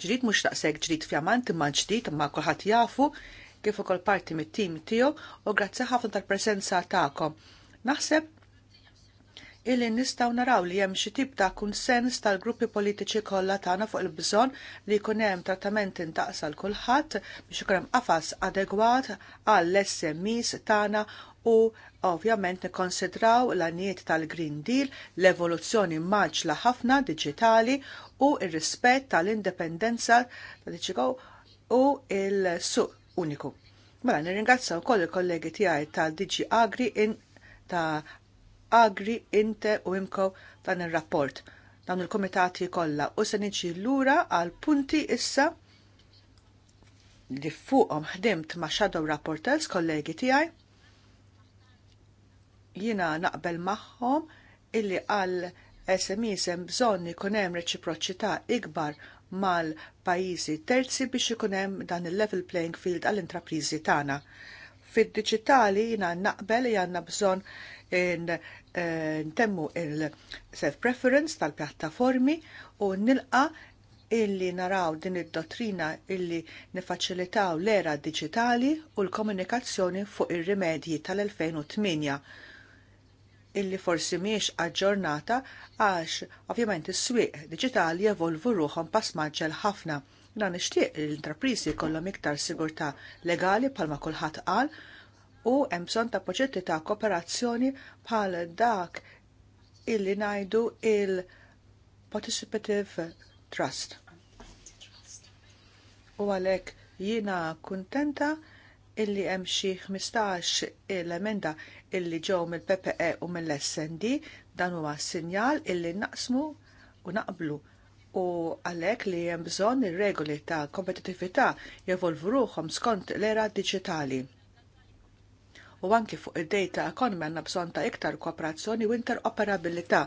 ġrid mhux taqseg ġrid fjamant imma ġdid imma kulħadd jafu kif ukoll parti mit-tim tiegħu u grazzi ħafna tal-preżenza tagħkom. Naħseb illi nistgħu naraw li hemm xi tip ta' kunsens tal-gruppi politiċi kollha tagħna fuq il-bżonn li jkun hemm trattament intaqsa l kulħadd biex ikun hemm qafas adegwat għall-SMEs tagħna u ovvjament nikkonsidraw l-għaniet tal-Green Deal, l-evoluzzjoni maġla ħafna diġitali u r rispett tal-indipendenza tal u l suq uniku. Mela, nirringazzaw koll il-kollegi tiegħi tal-Diġi Agri in ta' Agri, Inte u imkow dan ir-rapport dawn il-komitati kollha u se niġi lura għal punti issa li fuqhom ħdimt ma' shadow rapporters kollegi tiegħi jina naqbel magħhom illi għal SMEs hemm bżonn ikun hemm reċiproċità ikbar mal-pajjiżi terzi biex ikun hemm dan il-level playing field għall intrapriżi tagħna. Fid-diġitali jina naqbel li għandna bżonn Eh, ntemmu il-self-preference tal-pjattaformi u nilqa illi naraw din id-dottrina illi nifaċilitaw l-era digitali u l-komunikazzjoni fuq ir-rimedji tal-2008 illi forsi miex aġġornata għax ovvjament is-swieq digitali evolvu ruhom pass maġġel ħafna. Na nixtieq l-intraprisi kollhom iktar sigurtà legali bħalma kulħadd qal u hemm bżonn ta' proġetti ta' kooperazzjoni bħal dak illi ngħidu il-Participative Trust. U għalhekk jiena kuntenta illi hemm xi 15 l-emenda illi ġew mill-PPE u mill-SND dan huwa sinjal illi naqsmu u naqblu u għalhekk li hemm bżonn ir-regoli ta' kompetitività jevolvruhom ruhom skont l-era diġitali u anki fuq id-data economy għanna bżonn ta' iktar kooperazzjoni u interoperabilità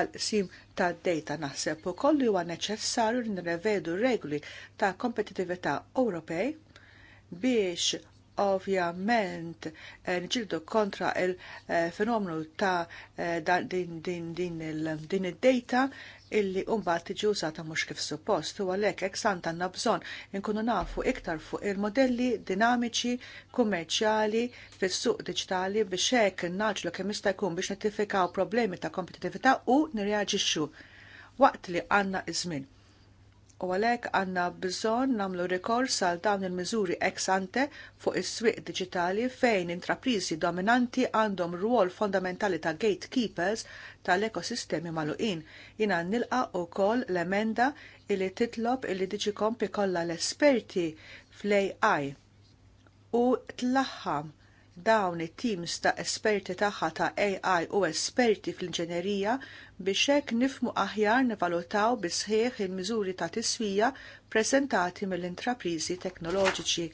għal sim ta' data naħseb u kollu huwa neċessarju li nirrevedu regoli ta' kompetitività Ewropej biex ovvjament eh, nġildu kontra il-fenomenu ta' eh, din id-data illi umbat tiġi użata mhux kif suppost u għalhekk hekk sant għandna bżonn inkunu nafu iktar fuq il-modelli dinamiċi kummerċjali fis-suq diġitali biex hekk naġlu kemm jista' jkun biex notifikaw problemi ta' kompetitività u nirreaġixxu waqt li għandna iż-żmien u għalhekk għandna bżonn nagħmlu rikors għal dawn il-miżuri ex ante fuq is-swieq digitali fejn intrapriżi dominanti għandhom rwol fondamentali ta' gatekeepers tal-ekosistemi magħluqin. Jina nilqa wkoll l-emenda illi titlob illi diġikom pikolla l-esperti fl-AI u tlaħħam dawn it-teams ta' esperti tagħha ta' AI u esperti fl-inġenerija biex hekk nifmu aħjar nivalutaw bisħieħ il-miżuri ta' tiswija preżentati mill-intrapriżi teknoloġiċi.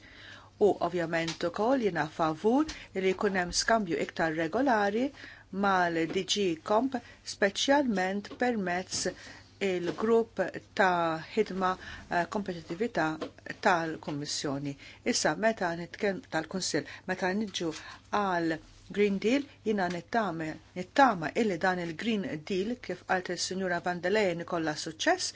U ovvjament ukoll jiena favur li jkun hemm skambju iktar regolari mal-DG Comp speċjalment permezz il-grupp ta' ħidma eh, kompetitività tal-Kommissjoni. Issa meta nitkem tal-Kunsill, meta niġu għal Green Deal jina nittama, nittama illi dan il-Green Deal kif għalt il signora Van der Leyen suċċess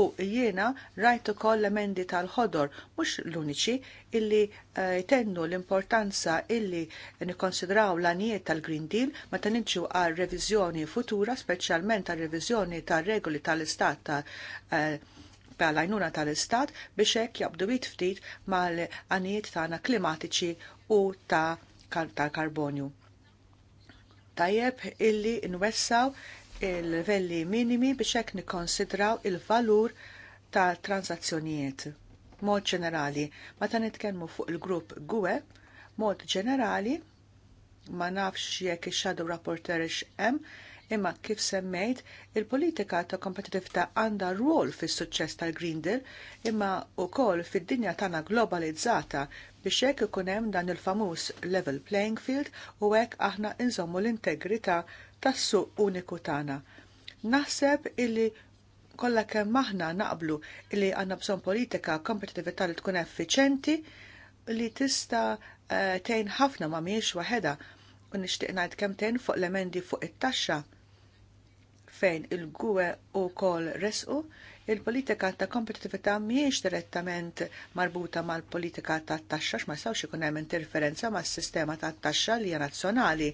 u jiena rajtu koll l-emendi tal-ħodor mux l-uniċi illi eh, jtennu uh, l-importanza illi nikonsidraw l-anijiet tal-Green Deal ma taninċu għal revizjoni futura, specialment għal revizjoni tal-regoli tal-istat tal l eh, għajnuna tal-istat biex hekk jabdu ftit mal anijiet tagħna klimatiċi u ta' tal-karbonju. Tajjeb illi nwessaw il-livelli minimi biex hekk nikkonsidraw il-valur tal transazzjonijiet. Mod ġenerali, meta nitkellmu fuq il-grupp GUE, mod ġenerali ma nafx jekk ix xadu rapporter hemm imma kif semmejt il-politika ta' kompetitività għandha rwol fis suċċess tal-Green Deal imma wkoll fid-dinja tagħna globalizzata biex hekk ikun hemm dan il-famuż level playing field u hekk aħna inżommu l-integrità tas-suq uniku tagħna. Naħseb illi kollha kemm aħna naqblu li għandna bżonn politika kompetitività li tkun effiċenti li tista eh, tgħin ħafna ma mhijiex waħedha u nixtieq ngħid kemm tgħin fuq l-emendi fuq it-taxxa fejn il-gwe u kol resqu il-politika ta' kompetitività mhijiex direttament marbuta mal-politika ta' taxxa ma jistgħux ikun hemm interferenza mas-sistema ta' taxxa li hija nazzjonali.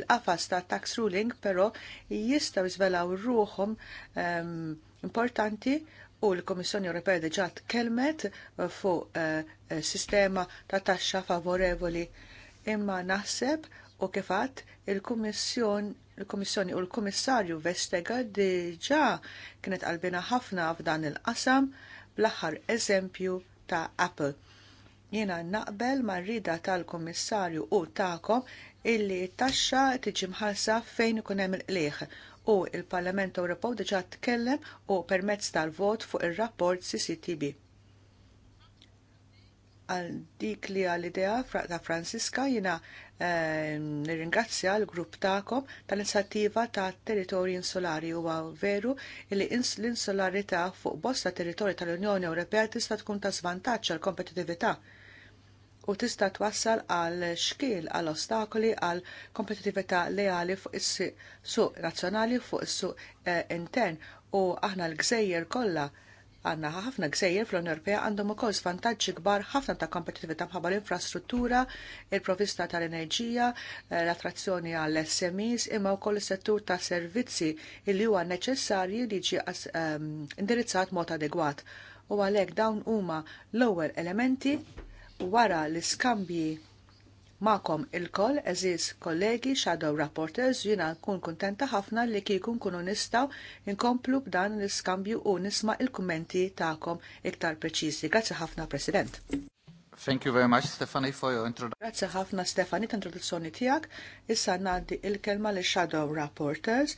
Il-qafas ta' tax ruling però jistgħu jiżvelaw ruhom ehm, importanti u l-Komissjoni Ewropea diġà tkellmet fuq eh, sistema ta' taxxa favorevoli imma naħseb u kif għadd il-Kummissjon il-Komissjoni u l-Komissarju Vestega diġa kienet qalbina ħafna f'dan il-qasam bl-aħħar eżempju ta' Apple. Jiena naqbel ma' rida tal-Komissarju u ta'kom illi taxxa tiġi mħalsa fejn ikun hemm il-qlieħ u l parlament Ewropew diġa tkellem u permezz tal-vot fuq ir-rapport CCTB. Għal dik li għal idea ta' Franziska jiena Eh, nirringrazzja l-grupp tagħkom tal-inizjattiva ta' territorji insolari huwa veru li l-insolarità fuq bosta territori tal-Unjoni Ewropea tista' tkun ta' żvantaġġ għal kompetitività u tista' twassal għal xkiel għal ostakoli għal kompetitività leali fuq is-suq nazzjonali fuq is-suq eh, intern u aħna l-gżejjer kollha Għanna ħafna gżejjer fl-Unjoni Ewropea għandhom ukoll svantaġġi kbar ħafna ta' kompetitività bħabba l-infrastruttura, il-provista tal-enerġija, eh, l-attrazzjoni għall smes imma wkoll is-settur ta' servizzi li huwa neċessarji li ġi ehm, indirizzat mod adegwat. U għalhekk dawn huma l-ewwel elementi wara l-iskambji ma'kom il-koll, eżiz kollegi, shadow rapporters, jina nkun kontenta ħafna li kieku nkunu nistaw inkomplu b'dan l-iskambju u nisma il-kummenti ta'kom iktar preċiżi. Grazzi ħafna, President. Thank you very much, Stefani, for your introduction. Grazie ħafna, Stefani, ta' introduzzjoni tijak. Issa naddi il-kelma li shadow rapporters,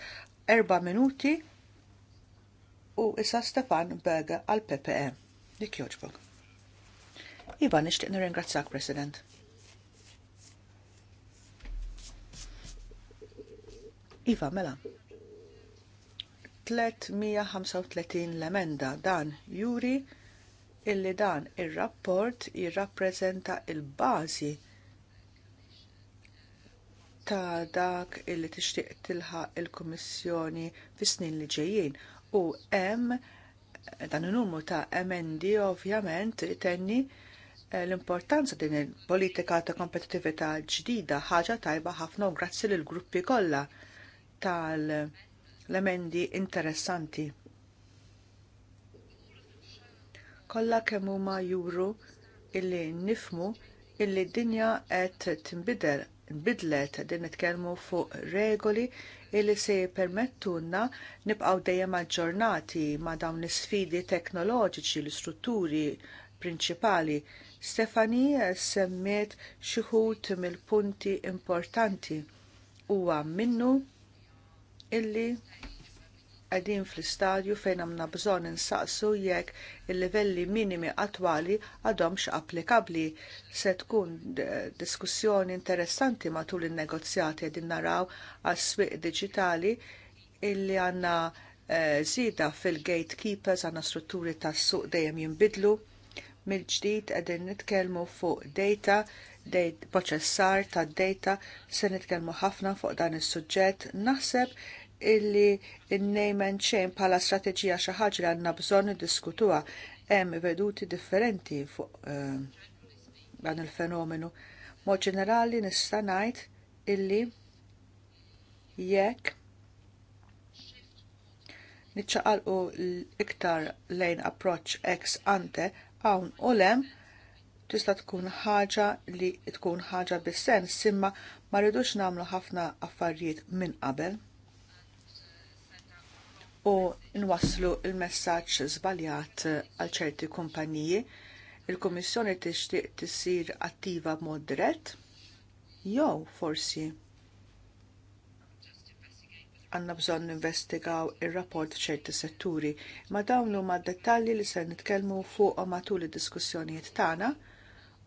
erba minuti, u issa Stefan Berger għal PPE. Dik joġbog. Iva, nishtiq nirringrazzjak, President. Iva, mela. 335 l-emenda dan juri illi dan ir-rapport jirrapprezenta jirrappreżenta il-bażi ta' dak illi tixtieq tilħaq il-Kummissjoni fis-snin li ġejjin u hemm dan in-numru ta' emendi ovvjament tenni eh, l-importanza din il-politika ta' kompetitività ġdida ħaġa tajba ħafna u grazzi lill gruppi kollha tal lemendi interessanti. Kolla kemm huma juru illi nifmu illi d-dinja qed tinbidel nbidlet din nitkellmu fuq regoli illi se permettuna nibqgħu dejjem aġġornati ma' dawn l-isfidi teknoloġiċi l-istrutturi prinċipali. Stefani semmiet xi ħut mill-punti importanti huwa minnu illi qegħdin fl-istadju fejn għamna bżonn insaqsu jekk il-livelli minimi attwali għadhomx applikabbli. Se tkun diskussjoni interessanti matul in-negozjati qegħdin naraw għas-swieq diġitali illi għandna żieda eh, fil-gatekeepers għandna strutturi tas-suq dejjem jinbidlu mill-ġdid qegħdin nitkellmu fuq data proċessar ta' data se nitkellmu ħafna fuq dan is-suġġett naħseb illi n-name and shame bħala strateġija xi ħaġa li għandna bżonn niddiskutuha hemm veduti differenti fuq eh, dan il-fenomenu. Mod ġenerali nista' ngħid illi jekk niċċaqalqu l-iktar lejn approċċ ex ante hawn u lem tista' tkun ħaġa li tkun ħaġa bis-sens simma ma rridux nagħmlu ħafna affarijiet minn qabel u nwasslu il-messaġġ żbaljat għal ċerti kumpaniji. Il-Kummissjoni tixtieq tisir attiva b'mod dirett jew forsi għanna bżon investigaw ir-rapport f'ċerti setturi, ma dawn huma dettalji li se nitkellmu fuq matul id-diskussjonijiet tagħna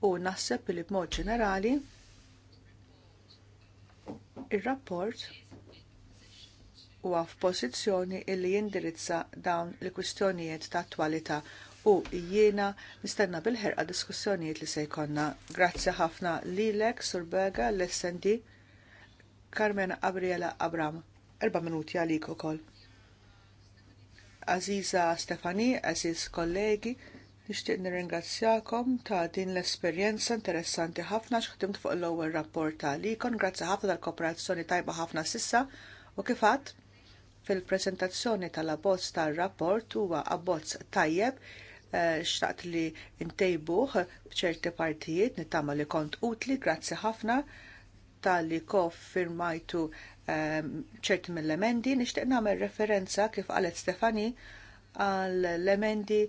u naħseb li b'mod ġenerali ir-rapport huwa f'pożizzjoni li jindirizza dawn il-kwistjonijiet ta' attwalità u jiena nistenna bil-ħerqa diskussjonijiet li se jkollna. Grazzi ħafna lilek, Surberga, l-SND, Carmen Gabriela Abram. Erba' minuti għalik ukoll. Aziza Stefani, Aziz kollegi, Nixtieq nirringrazzjakom ta' din l-esperjenza interessanti ħafna x'ħdimt fuq l-ewwel rapport tagħlikom. Grazzi ħafna tal-kooperazzjoni tajba ħafna sissa u kif għadd fil-preżentazzjoni tal-abbozz tar-rapport huwa abbozz tajjeb eh, xtaqt li intejbuh bċerti partijiet nittama li kont utli, grazzi ħafna tal-li kof firmajtu eh, ċerti mill-emendi, nishtiq namel referenza kif għalet Stefani għal emendi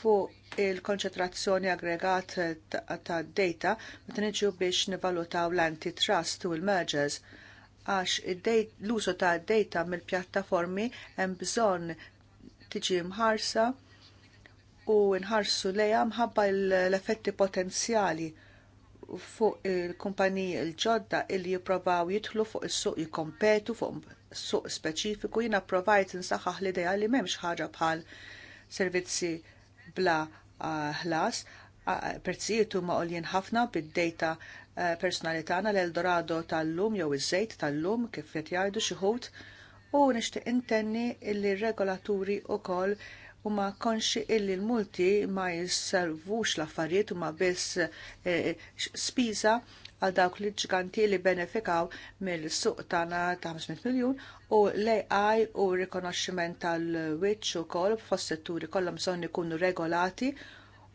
fuq il-konċentrazzjoni aggregat ta' data meta niġu biex nivalutaw l-antitrust u l-mergers għax l-użu ta' data mill-pjattaformi hemm bżonn tiġi mħarsa u nħarsu lejha mħabba l-effetti potenzjali fuq il-kumpaniji il-ġodda illi jipprovaw jidħlu fuq is-suq jikkompetu fuq suq speċifiku jiena provajt insaħħaħ l-idea li m'hemmx ħaġa bħal servizzi bla ah, ħlas, ah, perzijiet huma għoljin ħafna bid-data eh, personali tagħna l-Eldorado tal-lum jew iż-żejt tal-lum kif qed jgħidu xi ħut u nixtieq intenni li r-regolaturi wkoll huma konxi illi l-multi ma jisservux l-affarijiet huma biss eh, eh, spiża għal dawk li ġganti li benefikaw mill-suq tagħna ta' 500 miljun u l-AI u rikonoxximent tal-wiċċ ukoll fost setturi kollha bżonn ikunu regolati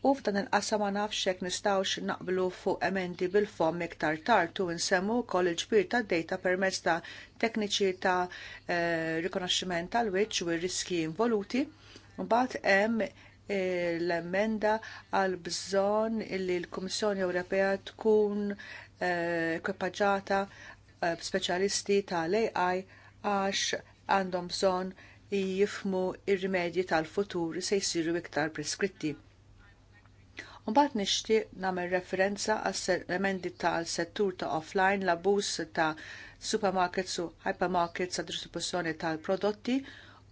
u f'dan il qasam ma nafx hekk nistgħux naqblu fuq emendi bil-fom iktar tard u nsemmu wkoll il-ġbir ta' data permezz ta' tekniċi ta' eh, rikonoxximent tal-wiċċ u r-riski involuti. Mbagħad hemm eh, l-emenda għal bżonn li l-Kummissjoni Ewropea tkun Eh, ekwipaġġata b'speċjalisti eh, tal-AI għax għandhom bżonn jifmu r rimedji tal-futur se jsiru iktar preskritti. Mbagħad nixtieq nagħmel referenza għas-elementi tal-settur ta' offline l-abbuż ta' supermarkets u hypermarkets sa' distribuzzjoni tal-prodotti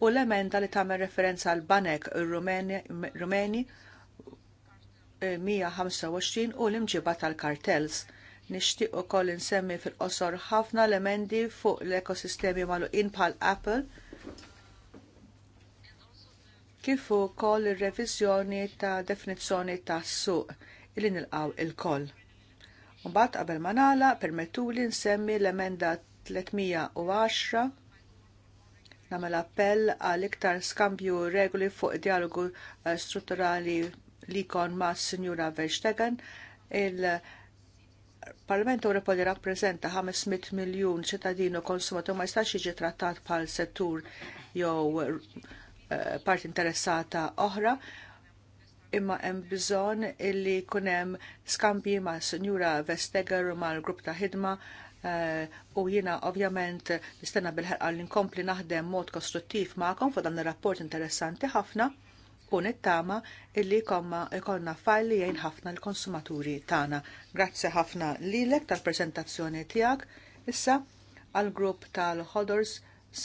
u l-emenda li tagħmel referenza għal banek rumeni 125 eh, u l-imġiba tal-kartels. Nixtieq ukoll insemmi fil-qosor ħafna l-emendi fuq l-ekosistemi magħluqin bħal Apple kif ukoll ir-reviżjoni ta' definizzjoni tas suq li nilqgħu il-koll. Mbagħad qabel ma nagħlaq permettuli nsemmi l-emenda 310 nagħmel appell għal iktar skambju regoli fuq dialogu eh, strutturali li kon ma' Sinjura Verstegen il- Parlament Ewropew li rappreżenta 500 miljun ċittadin u konsumatur ma jistax jiġi trattat bħal settur jew eh, parti interessata oħra, imma hemm bżonn illi jkun hemm skambji ma' Sinjura Vestager u mal-grupp ta' ħidma eh, u jiena ovvjament nistenna bil ħelqa li nkompli naħdem mod kostruttiv ma'kom fuq dan ir-rapport interessanti ħafna u nittama illi komma ikonna fajl li jgħin ħafna l-konsumaturi tagħna. Grazzi ħafna lilek tal-prezentazzjoni tiegħek issa għal-grupp tal-Hodors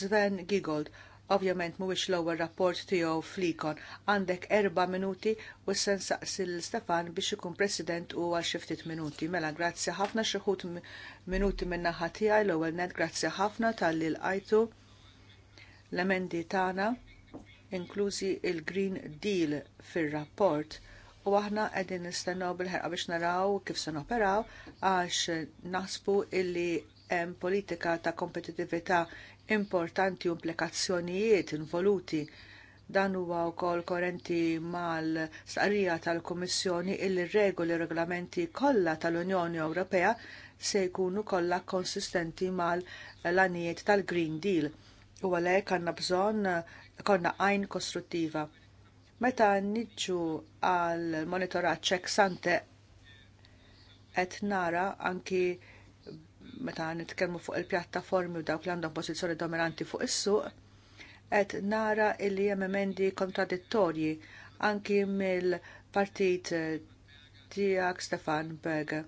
Sven Gigold ovvjament mhuwiex l-ewwel rapport tiegħu flikon. Għandek erba' minuti u sen saqsil Stefan biex ikun president u għal xi ftit minuti. Mela grazzi ħafna xi ħut minuti minn naħa tiegħi l-ewwel net grazzi ħafna tal-li qajtu. l-emendi tagħna inklużi l green Deal fir-rapport u aħna qegħdin nistennew bil-ħerqa biex naraw kif se noperaw għax naħsbu illi hemm politika ta' kompetitività importanti u implikazzjonijiet involuti dan huwa wkoll korenti mal-sqarrija tal-Kummissjoni illi regoli regolamenti kollha tal-Unjoni Ewropea se jkunu kollha konsistenti mal-lanijiet tal-Green Deal. U għalhekk għandna bżonn konna għajn kostruttiva. Meta niġu għal monitora ċek sante qed nara anki meta nitkellmu fuq il-pjattaformi u dawk li għandhom pożizzjoni dominanti fuq is-suq, qed nara illi hemm emendi kontradittorji anki mill-partit eh, tiegħek Stefan Berg.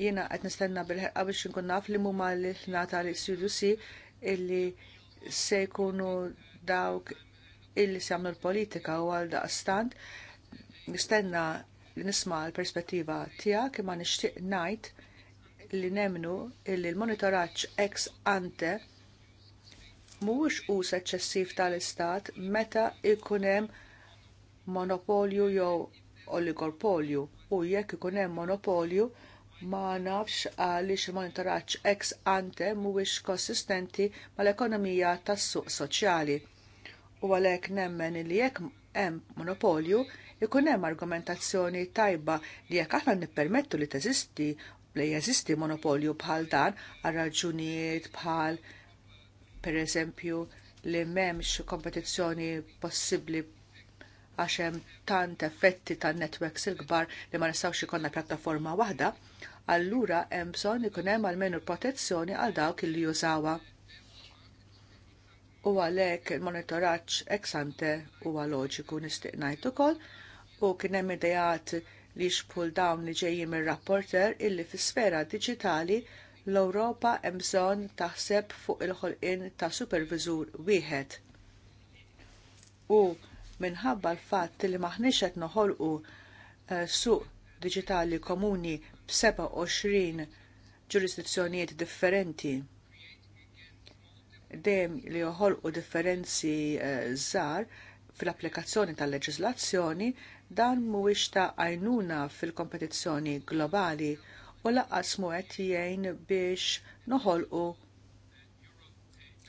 Jiena qed nistenna bil-ħerqa biex inkun naf li huma l-ħnata tal CDC illi se jkunu dawk illi jagħmlu l-politika u għal daqstant nistenna li nisma l-perspettiva tiegħek imma nixtieq ngħid li nemnu illi l-monitoraġġ ex ante mhuwiex uż eċċessiv tal-istat meta jkun hemm monopolju jew oligopolju u jekk ikun hemm monopolju ma nafx għaliex il-monitoraġġ ex ante mhuwiex konsistenti mal-ekonomija tas-suq soċjali u għalhekk nemmen li jekk hemm monopolju ikun hemm argumentazzjoni tajba li jekk aħna nippermettu li teżisti li jeżisti monopolju bħal dan għal raġunijiet bħal pereżempju li m'hemmx kompetizzjoni possibbli għax hemm tant effetti tan netwerks il-kbar li ma nistgħux ikollna pjattaforma waħda, allura hemm bżonn ikun hemm almenu protezzjoni għal dawk li jużawha u għalhekk il-monitoraġġ ex ante huwa loġiku nixtieq ngħid ukoll u kien hemm ideat li xpull dawn li ġejjin il rapporter illi fis-sfera digitali l-Ewropa hemm bżonn taħseb fuq il-ħolqien ta' superviżur wieħed. U minħabba l-fatt li maħniex qed noħolqu eh, suq digitali komuni b-27 ġurisdizzjonijiet differenti dejjem li joħolqu differenzi eh, żgħar fl-applikazzjoni tal-leġiżlazzjoni dan mhuwiex ta' għajnuna fil-kompetizzjoni globali u lanqas mu qed jgħin biex noħolqu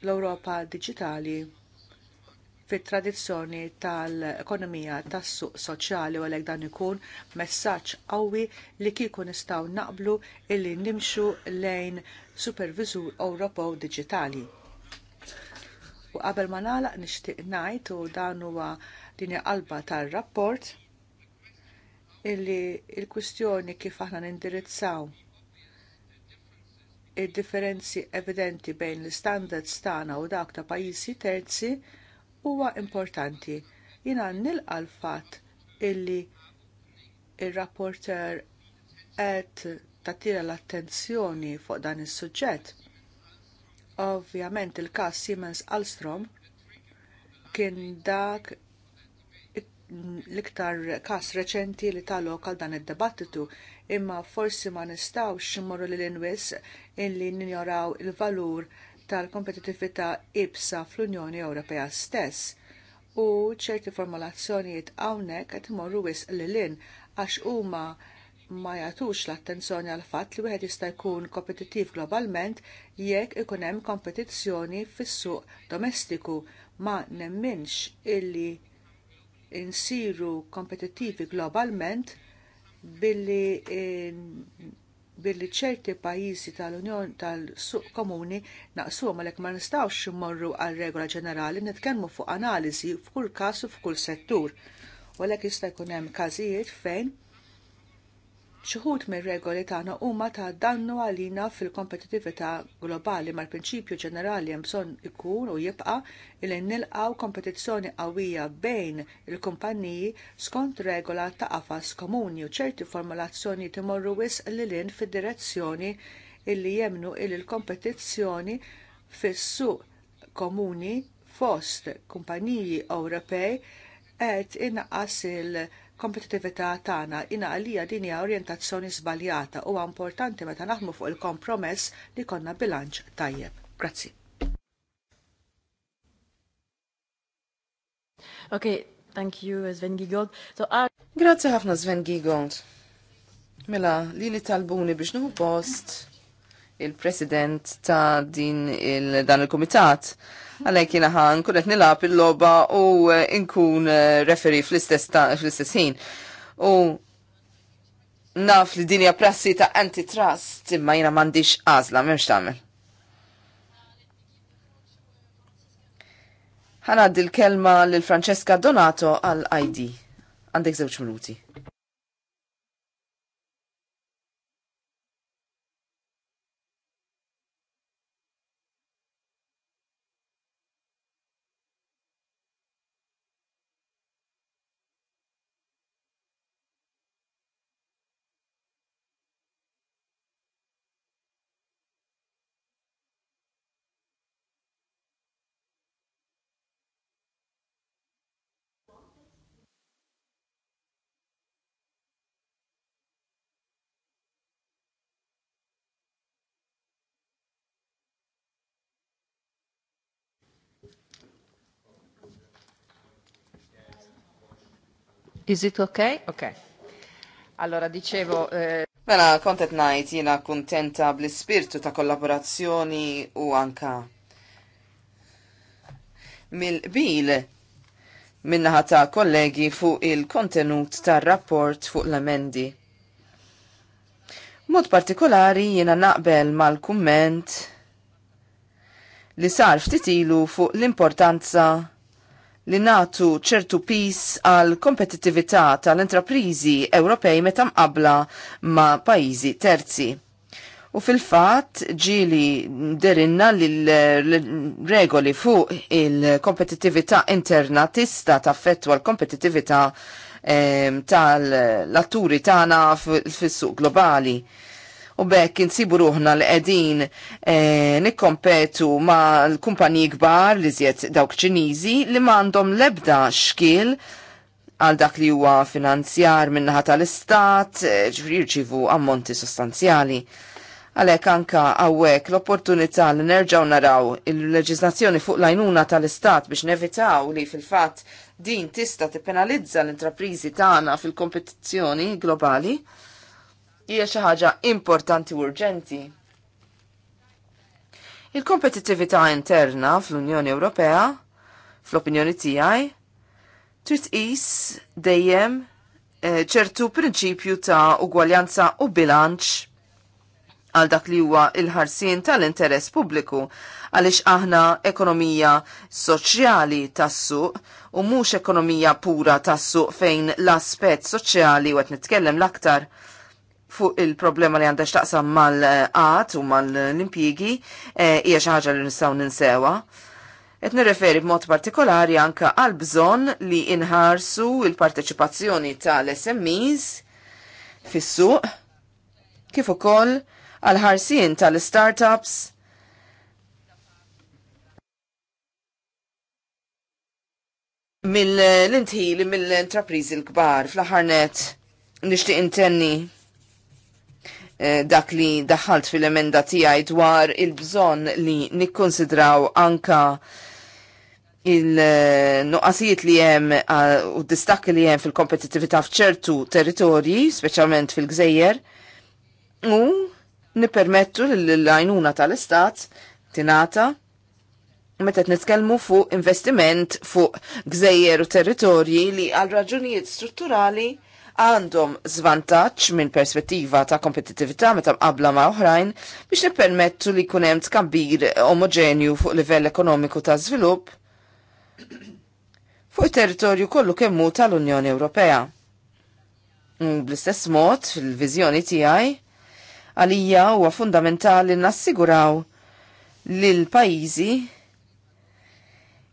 l-Ewropa Diġitali fit-tradizzjoni tal-ekonomija tas-suq soċjali u għalhekk dan ikun messaġġ qawwi li kieku nistgħu naqblu illi nimxu lejn Supervisur Ewropew Diġitali. U qabel ma nagħlaq nixtieq ngħid u dan huwa din qalba tar-rapport illi il-kwistjoni kif aħna nindirizzaw id-differenzi evidenti bejn l-standards tagħna u dak ta' pajjiżi terzi huwa importanti. Jiena nilqa l-fatt illi r rapporter qed tatira l-attenzjoni fuq dan is-suġġett Ovvjament il-każ Siemens Alstrom kien dak l-iktar każ reċenti li talok għal dan id-debattitu imma forsi ma nistawx immorru lil inwis illi ninjoraw il-valur tal-kompetitività ibsa fl-Unjoni Ewropea stess u ċerti formulazzjonijiet hawnhekk qed imorru wis lil in għax huma ma jagħtux l-attenzjoni għal fatt li wieħed jista' jkun kompetittiv globalment jekk ikun hemm kompetizzjoni fis-suq domestiku ma nemminx illi insiru kompetittivi globalment billi in, billi ċerti pajjiżi tal-Unjoni tal-Suq Komuni naqsuhom għalhekk ma nistgħux immorru għal regola ġenerali nitkellmu fuq analiżi f'kull każ u f'kull settur. għalhekk jista' jkun hemm każijiet fejn Xuħut mir regoli tagħna huma ta' dannu għalina fil-kompetitività globali mal-prinċipju ġenerali hemm bżonn ikun u jibqa' il nilqgħu kompetizzjoni qawwija bejn il-kumpanniji skont regola ta' qafas komuni u ċerti formulazzjoni timorru wisq lilin fid-direzzjoni illi jemnu il kompetizzjoni fis-suq komuni fost kumpaniji Ewropej qed inqas il- kompetitività tagħna ina għalija din hija orjentazzjoni żbaljata huwa importanti meta naħdmu fuq il-kompromess li konna bilanċ tajjeb. Grazzi. Okay, thank you Sven So, uh, Grazzi ħafna Sven Gigold. Mela, li li talbuni biex nuhu post il-president ta' din il dan il-komitat. Għalek jina ħan kunet nilab il-loba u eh, inkun eh, referi fl-istess ħin. U naf li dinja prassi ta' antitrust imma jina mandiċ għazla, memx tamel. ħanaddi l-kelma lil Francesca Donato għal-ID. Għandek zewċ minuti. Is it okay? Okay. Allora, dicevo... Eh... Mela, kontet najt jina kontenta bl-spirtu ta' kollaborazzjoni u anka mill-bil minnaħa ta' kollegi fuq il-kontenut tar rapport fuq l-emendi. Mod partikolari jiena naqbel mal-kumment li sar ftitilu fuq l-importanza li natu ċertu pis għal kompetittività tal-intraprizi Ewropej meta mqabla ma' pajjiżi terzi. U fil-fat ġili derinna li l-regoli fuq il kompetitività interna tista taffettwa l kompetitività ehm, tal-atturi tagħna fis-suq globali u bekk insibu ruħna li qegħdin eh, nikkompetu ma' l-kumpaniji kbar li żjed dawk Ċiniżi li m'għandhom lebda xkiel għal dak li huwa finanzjar minnaħa tal-istat, eh, ġifri jirċivu ammonti sostanzjali. Għalek anka għawek l-opportunità li nerġaw naraw il-leġizlazzjoni fuq lajnuna tal-istat biex nevitaw li fil-fat din tista' tippenalizza l-intraprizi tagħna fil-kompetizzjoni globali hija xi ħaġa importanti u urġenti. Il-kompetittività interna fl-Unjoni Ewropea, fl-opinjoni tiegħi, trid tqis dejjem eh, ċertu prinċipju ta' ugwaljanza u bilanċ għal dak li huwa il-ħarsien tal-interess pubbliku għaliex aħna ekonomija soċjali tas-suq u mhux ekonomija pura tas-suq fejn l-aspett soċjali u qed nitkellem l-aktar fuq il-problema li għandha x'taqsam mal-qat u mal-impjigi eh, hija xi ħaġa li nistgħu ninsewa. Et nirreferi b'mod partikolari anka għal bżonn li inħarsu il-parteċipazzjoni tal-SMEs fis-suq kif ukoll għal ħarsien tal-startups mill-intħili mill-intrapriżi l-kbar fl ħarnet nixtieq intenni Eh, dak li daħalt fil-emenda tiegħi dwar il-bżonn li nikkonsidraw anka il-nuqqasijiet li hemm eh, u distakki li hemm fil kompetitivita f'ċertu territorji, speċjalment fil-gżejjer, u nipermettu l-għajnuna tal-istat tinata meta nitkellmu fuq investiment fuq gżejjer u territorji li għal raġunijiet strutturali għandhom zvantaċ minn perspettiva ta' kompetitività meta mqabla ma' oħrajn biex nippermettu li jkun hemm tkambir omogenju fuq livell ekonomiku ta' żvilupp fuq it-territorju kollu kemmu tal-Unjoni Ewropea. Bl-istess mod, fil-viżjoni tiegħi, għalija huwa fundamentali nassiguraw lil pajjiżi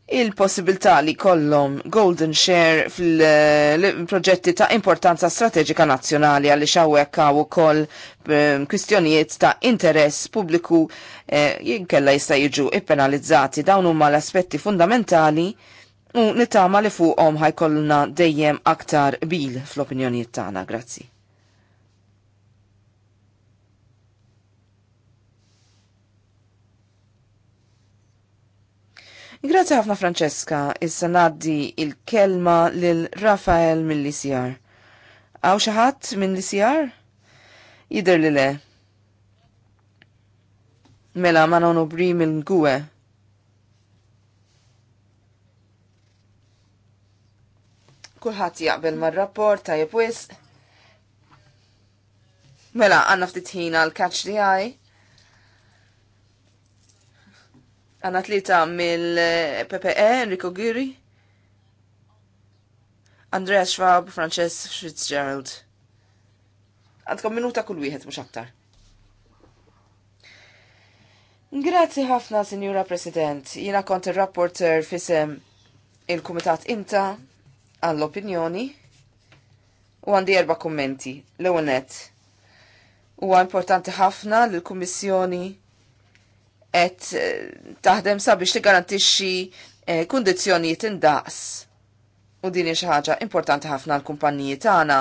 il-possibilità li kollom golden share fil-proġetti ta' importanza strateġika nazzjonali għalli xawek u koll ehm, kwistjonijiet ta' interess pubbliku eh, jinkella jista' jiġu ippenalizzati dawn huma l-aspetti fundamentali u nitama li fuqhom ħajkollna dejjem aktar bil fl-opinjonijiet tagħna. Grazzi. Grazzi ħafna Franceska, issa naddi il-kelma lil Rafael mill-ICR. Għaw xaħat mill-ICR? Jider li le. Mela ma nonu bri mill-gwe. Kulħat jaqbel mar-rapport tajjeb wisq. Mela, għanna ftit ħina l-catch li għaj. Għanna atleta mill-PPE, Enrico Giri, Andrea Schwab, Frances Fitzgerald. Għandkom minuta kull wieħed mhux aktar. Grazzi ħafna, Sinjura President. Jiena kont ir-rapporter fisem il-Kumitat Inta għall-opinjoni u għandi erba' kummenti. L-ewwel net. Huwa importanti ħafna l-Kummissjoni qed eh, taħdem sabiex tigarantixxi eh, kundizzjonijiet indaqs. U din hi xi ħaġa importanti ħafna l-kumpaniji tagħna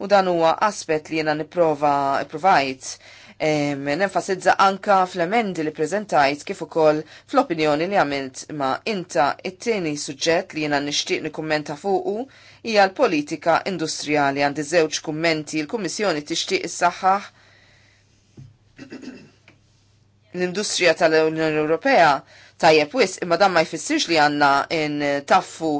u dan huwa aspett li jiena nipprova provajt nenfasizza anka fl-emendi li prezentajt kif ukoll fl-opinjoni li għamilt ma inta it-tieni suġġett li jiena nixtieq nikkummenta fuqu hija l-politika industrijali għandi żewġ kummenti l-Kummissjoni tixtieq issaħħaħ l-industrija tal-Unjoni Ewropea tajjeb wis, imma dan ma jfissirx li għanna in taffu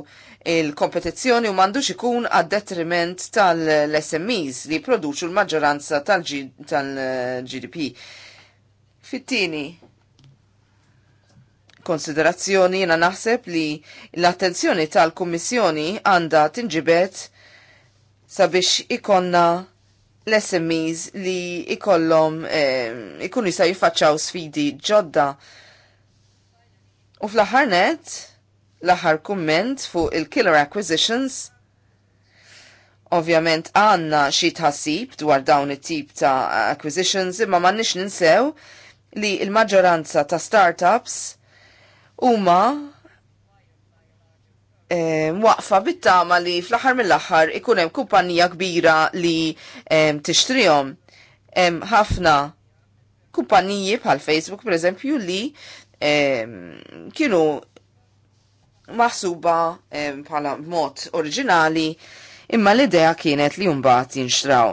il-kompetizzjoni u mandux ikun għad detriment tal-SMEs li produċu l-maġġoranza tal-GDP. Fittini, konsiderazzjoni jena naħseb li l-attenzjoni tal-Kummissjoni għanda tinġibet sabiex ikonna l-SMEs li ikollhom eh, ikunu jista' jiffaċċaw sfidi ġodda. U fl-aħħar net, l-aħħar kumment fuq il-killer acquisitions, Ovvjament għanna xi tħassib dwar dawn it-tip ta' acquisitions imma m'għandniex ninsew li l-maġġoranza ta' startups huma E, waqfa bittama li fl-aħħar mill-aħħar ikun hemm kumpanija kbira li e, tixtrihom. Hemm ħafna kumpaniji bħal Facebook pereżempju li e, kienu maħsuba bħala mod oriġinali imma l-idea kienet li jumbat jinxtraw.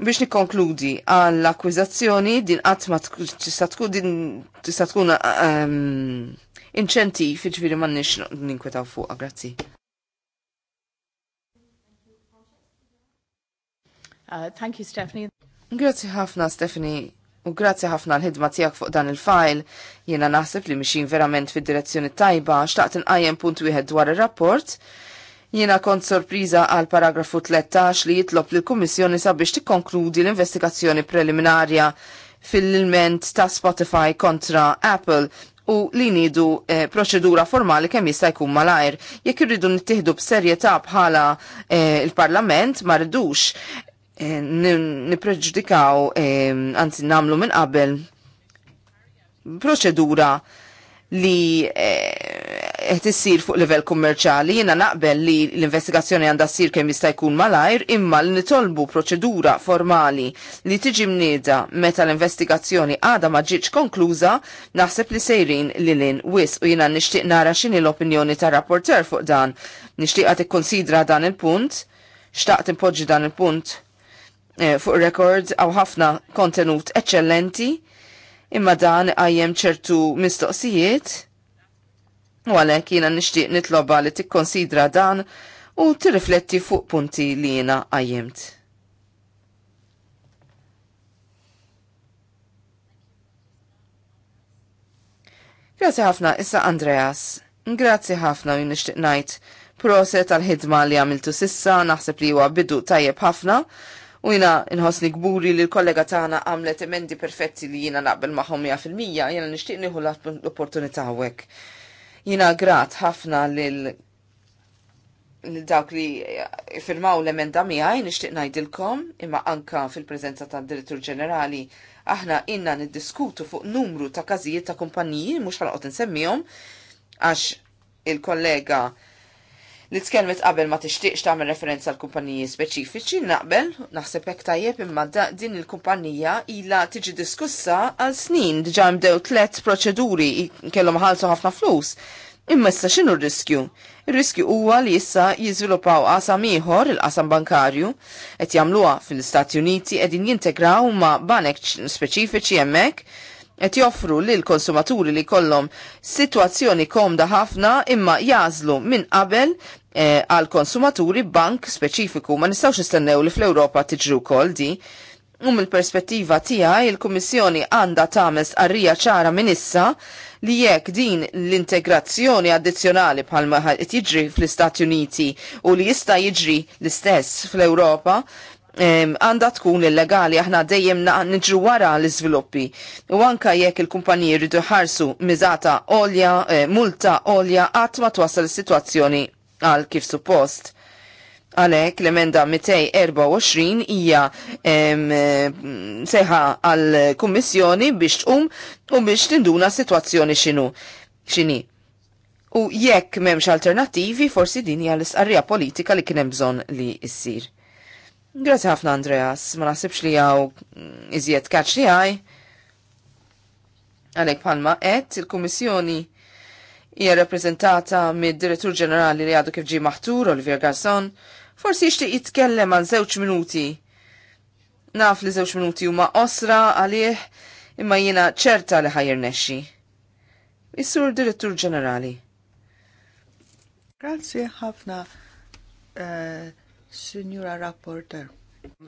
Biex nikonkludi għall-akkwizazzjoni din qatt ma tista' tkun din tista' tkun ehm, inċentif, ġviri ma nix ninkwetaw fuq, grazzi. Uh, thank you, Stephanie. Grazzi ħafna, Stephanie. U grazzi ħafna l-ħidma tiegħek fuq dan il-fajl, jiena naħseb li mixin verament fid-direzzjoni tajba, xtaqt inqajjem punt wieħed dwar ir-rapport. Jiena kont sorpriża għal paragrafu 13 li jitlob lill kummissjoni sabiex tikkonkludi l-investigazzjoni preliminarja fil-ilment ta' Spotify kontra Apple u li nidu e, proċedura formali kemm jista' jkun malajr. Jekk irridu nittieħdu b'serjetà bħala e, il-Parlament ma rridux eh, nippreġudikaw nipreġudikaw anzi namlu minn qabel proċedura li qed issir fuq livell kummerċali jiena naqbel li l-investigazzjoni għandha ssir kemm jista' jkun malajr imma li nitolbu proċedura formali li tiġi mnieda meta l-investigazzjoni għadha ma ġietx konkluża naħseb li sejrin li lin wis u jiena nixtieq nara x'inhi l-opinjoni tar-rapporter fuq dan. Nixtieq qed ikkonsidra dan il-punt, xtaqt impoġġi dan il-punt eh, fuq record għaw ħafna kontenut eccellenti imma dan għajjem ċertu mistoqsijiet U għalhekk jiena nixtieq nitloba li tikkonsidra dan u tirrifletti fuq punti li jiena qajjimt. Grazzi ħafna, issa Andreas. Grazzi ħafna u nixtieq ngħid proset tal-ħidma li għamiltu sissa, naħseb li huwa bidu tajjeb ħafna. U jina nħosni gburi li l-kollega tagħna għamlet emendi perfetti li jina naqbel magħhom 100%, jina nixtieq nieħu l-opportunità għawek. Jina grat ħafna lil dawk li firmaw l-emenda miħaj nishtiq najdilkom imma anka fil-prezenza ta' direttur ġenerali aħna inna niddiskutu fuq numru ta' kazijiet ta' kumpaniji mux ħalqot nsemmijom għax il-kollega li tkellmet qabel ma tixtieqx tagħmel referenza għal kumpaniji speċifiċi naqbel naħseb hekk tajjeb imma din il-kumpanija ilha tiġi diskussa għal snin diġà mdew tliet proċeduri kellhom ħalsu ħafna flus. Imma issa x'inhu r-riskju? Ir-riskju huwa li issa jiżviluppaw qasam ieħor il-qasam bankarju qed jagħmluha fil istati Uniti qegħdin jintegraw ma' banek speċifiċi hemmhekk qed joffru lil konsumaturi li kollhom sitwazzjoni komda ħafna imma jażlu minn qabel eh, għal e, konsumaturi bank speċifiku ma nistgħux istennew li fl-Ewropa tiġru wkoll di. U um mill-perspettiva tiegħi il-Kummissjoni għandha tagħmel arrija ċara minn issa li jekk din l-integrazzjoni addizzjonali bħalma qed jiġri fl-Istati Uniti u li jista' jiġri l-istess fl-Ewropa, għanda tkun illegali aħna dejjem niġru wara l-iżviluppi. U anka jekk il-kumpaniji rridu ħarsu miżata olja, eh, multa olja qatt ma twassal is-sitwazzjoni għal kif suppost. Għalek l-emenda 224 hija eh, seħa għal kummissjoni biex tqum u biex tinduna situazzjoni xinu. Xini. U jekk memx alternativi, forsi din hija l-isqarrija politika li kien hemm bżonn li issir. Grazie ħafna Andreas, ma nasibx li jaw iżjed kaċ li għaj. Għalek palma et il-Kummissjoni hija rappreżentata mid-Direttur Ġenerali li għadu kif ġi maħtur Olivier Garson, forsi jixtieq jitkellem għal żewġ minuti. Naf li żewġ minuti huma osra għalih imma jiena ċerta li ħajr nexxi. Is-Sur Direttur Ġenerali. Grazzi ħafna. Uh Signora Rapporter.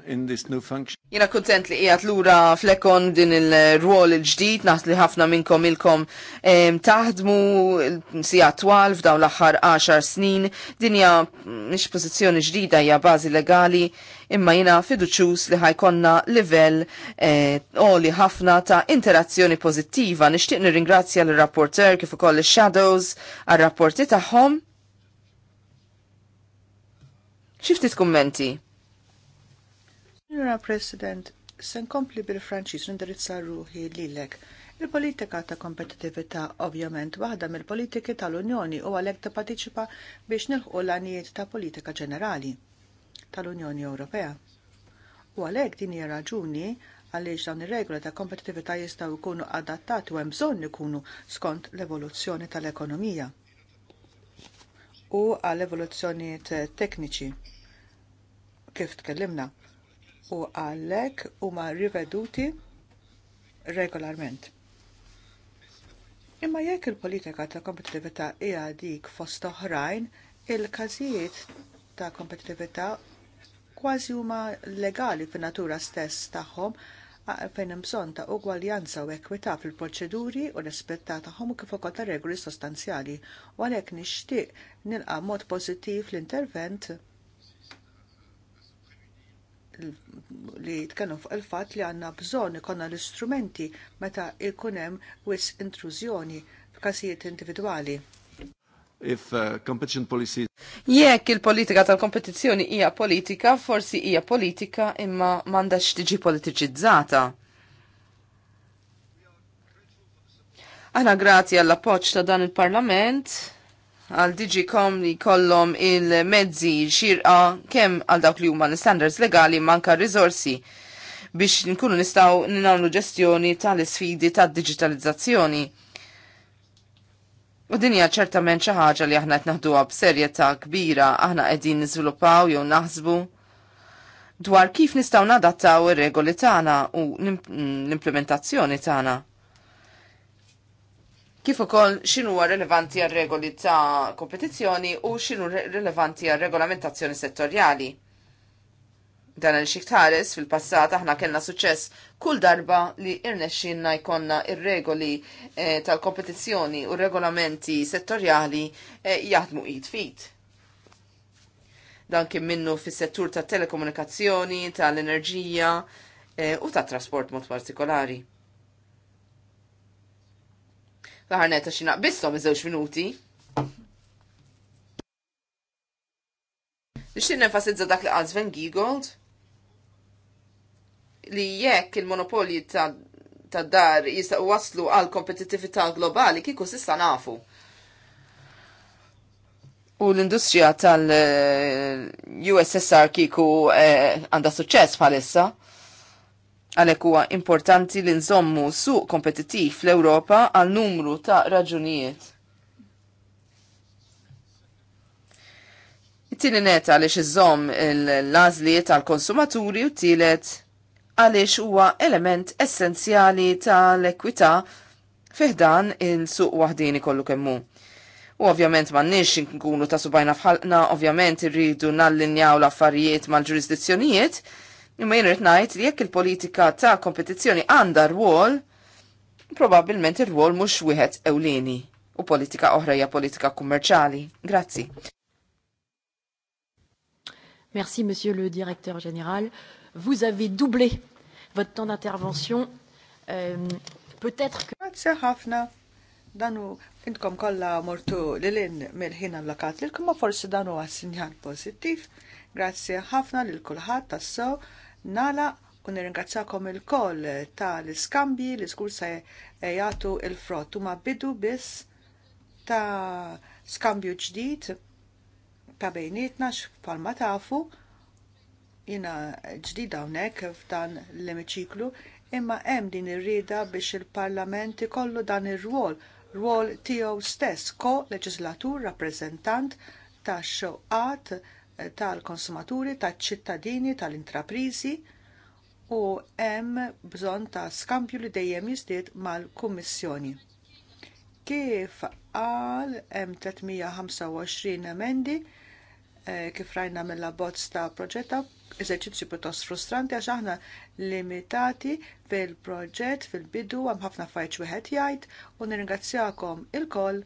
In this new function. Jena kontent li qiegħed lura flekon din il-rwol il-ġdid, naħs li ħafna minnkom ilkom taħdmu sija twal f'dawn l-aħħar 10 snin, din hija mhix pozizjoni ġdida hija bażi legali, imma jina fiduċus li ħajkonna livell eh, o li ħafna ta' interazzjoni pożittiva. Nixtieq nirringrazzja l-rapporter kif ukoll ix-shadows għal rapporti tagħhom Xiftit kummenti? Signora President, sen kompli bil-Franċis nindirizza ruħi lilek. Il-politika ta' kompetitività ovvjament waħda mill-politiki tal-Unjoni u għalhekk patiċipa biex nilħu l-għanijiet ta' politika ġenerali tal-Unjoni Ewropea. U għalhekk din hija raġuni għaliex dawn ir-regoli ta' kompetitività jistgħu jkunu adattati u hemm bżonn ikunu skont l-evoluzzjoni tal-ekonomija u għall evoluzzjonijiet tekniċi kif tkellimna u għalhekk huma riveduti regolarment. Imma jekk il-politika ta' kompetitività hija dik fost oħrajn, il-każijiet ta' kompetitività kważi huma legali fin-natura stess tagħhom fejn hemm bżonn ta' ugwaljanza u ekwità fil-proċeduri u rispettat tagħhom kif ukoll ta' regoli sostanzjali u għalhekk nixtieq nilqa' mod pożittiv l-intervent li tkellmu fuq il-fatt li għandna bżonn ikollna l-istrumenti meta jkun hemm wis intrużjoni f'każijiet individwali. If uh, competition policy Jekk il-politika tal-kompetizzjoni hija politika, forsi hija politika imma m'għandax tiġi politiċizzata. Aħna grazzi għall appoġġ ta' dan il-Parlament għal DigiCom li kollom il-mezzi xirqa kemm għal dawk li huma l-standards legali manka risorsi biex nkunu nistaw ninawlu ġestjoni tal-isfidi tad-digitalizzazzjoni. U dinja ċertament xi ħaġa li aħna qed naħduha b'serjetà kbira aħna qegħdin niżviluppaw jew naħsbu dwar kif nistgħu nadattaw ir-regoli tagħna u l-implementazzjoni tagħna kif ukoll x'inhu rilevanti għal regoli ta' kompetizzjoni u x'inhu rilevanti għal regolamentazzjoni settorjali. Dan il tħares fil-passat aħna kellna suċċess kull darba li irnexxinna jkollna ir-regoli eh, tal-kompetizzjoni u regolamenti settorjali eh, jaħdmu id fit dan kien minnu fis-settur tat telekomunikazzjoni, tal-enerġija eh, u tat trasport mod partikolari. Laħarneta xina naqbissom iż-żewġ minuti. Nixtieq nenfasizza dak li qal Van Giegold li jekk il-monopolji ta' dar jista' waslu għal kompetitivita globali kieku s'issa nafu. U l-industrija tal-USSR kiku għanda eh, suċċess bħalissa. Għalhekk huwa importanti li nżommu suq kompetittiv fl-Ewropa għal numru ta' raġunijiet. It-tieni net għaliex iżomm l-għażliet għall konsumaturi u t-tielet għaliex huwa element essenzjali tal-ekwità fiħdan il-suq waħdini kollu kemmu. U ovvjament ma nix nkunu ta' subajna fħalqna, ovvjament irridu nallinjaw l-affarijiet mal-ġurisdizzjonijiet, Imma jien rrid ngħid li jekk il-politika ta' kompetizzjoni għandha rwol, probabbilment ir-rwol mhux wieħed ewlieni u politika oħra hija politika kummerċali. Grazzi. Merci, Monsieur le Directeur Général. Vous avez doublé votre temps d'intervention. Euh, Peut-être que... Grazie ħafna. Danu, intkom kolla mortu lilin mill-ħin allokat lilkom, ma forsi danu għas-sinjal pozittiv. Grazie ħafna lil kulħadd tas-so nala u nirringrazzakom il-koll tal-iskambji li skur se jgħatu il-frott u ma bidu biss ta' skambju ġdid ta' bejnietna ma tafu jina ġdid hawnhekk f'dan l-emiċiklu imma hemm din ir-rieda biex il-Parlament ikollu dan ir-rwol, rwol tiegħu stess ko leġislatur rappreżentant tax xewqat tal-konsumaturi, tal-ċittadini, tal-intraprizi u hemm bżonn ta' skampju li dejjem jiżdied mal-Kummissjoni. Kif qal hemm 325 emendi eh, kif rajna mill-abbozz ta' proġetta eżerċizzju pjuttost frustranti għax aħna limitati fil-proġett fil-bidu hemm ħafna fajċ wieħed jgħid u nirringrazzjakom ilkoll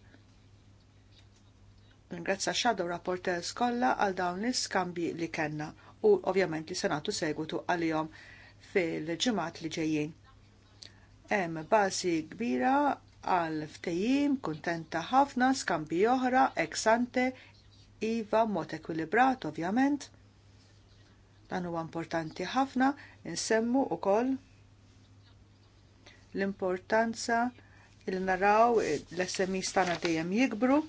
Ringrazza Shadow Rapporters kollha għal dawn l-iskambji li kellna u ovvjament li senatu segwitu għalihom fil-ġimgħat li ġejjin. Hemm bażi kbira għal ftejim kuntenta ħafna skambi oħra ex ante iva mod ekwilibrat ovvjament. Dan huwa importanti ħafna nsemmu ukoll l-importanza il naraw l-SMI stana dejjem jikbru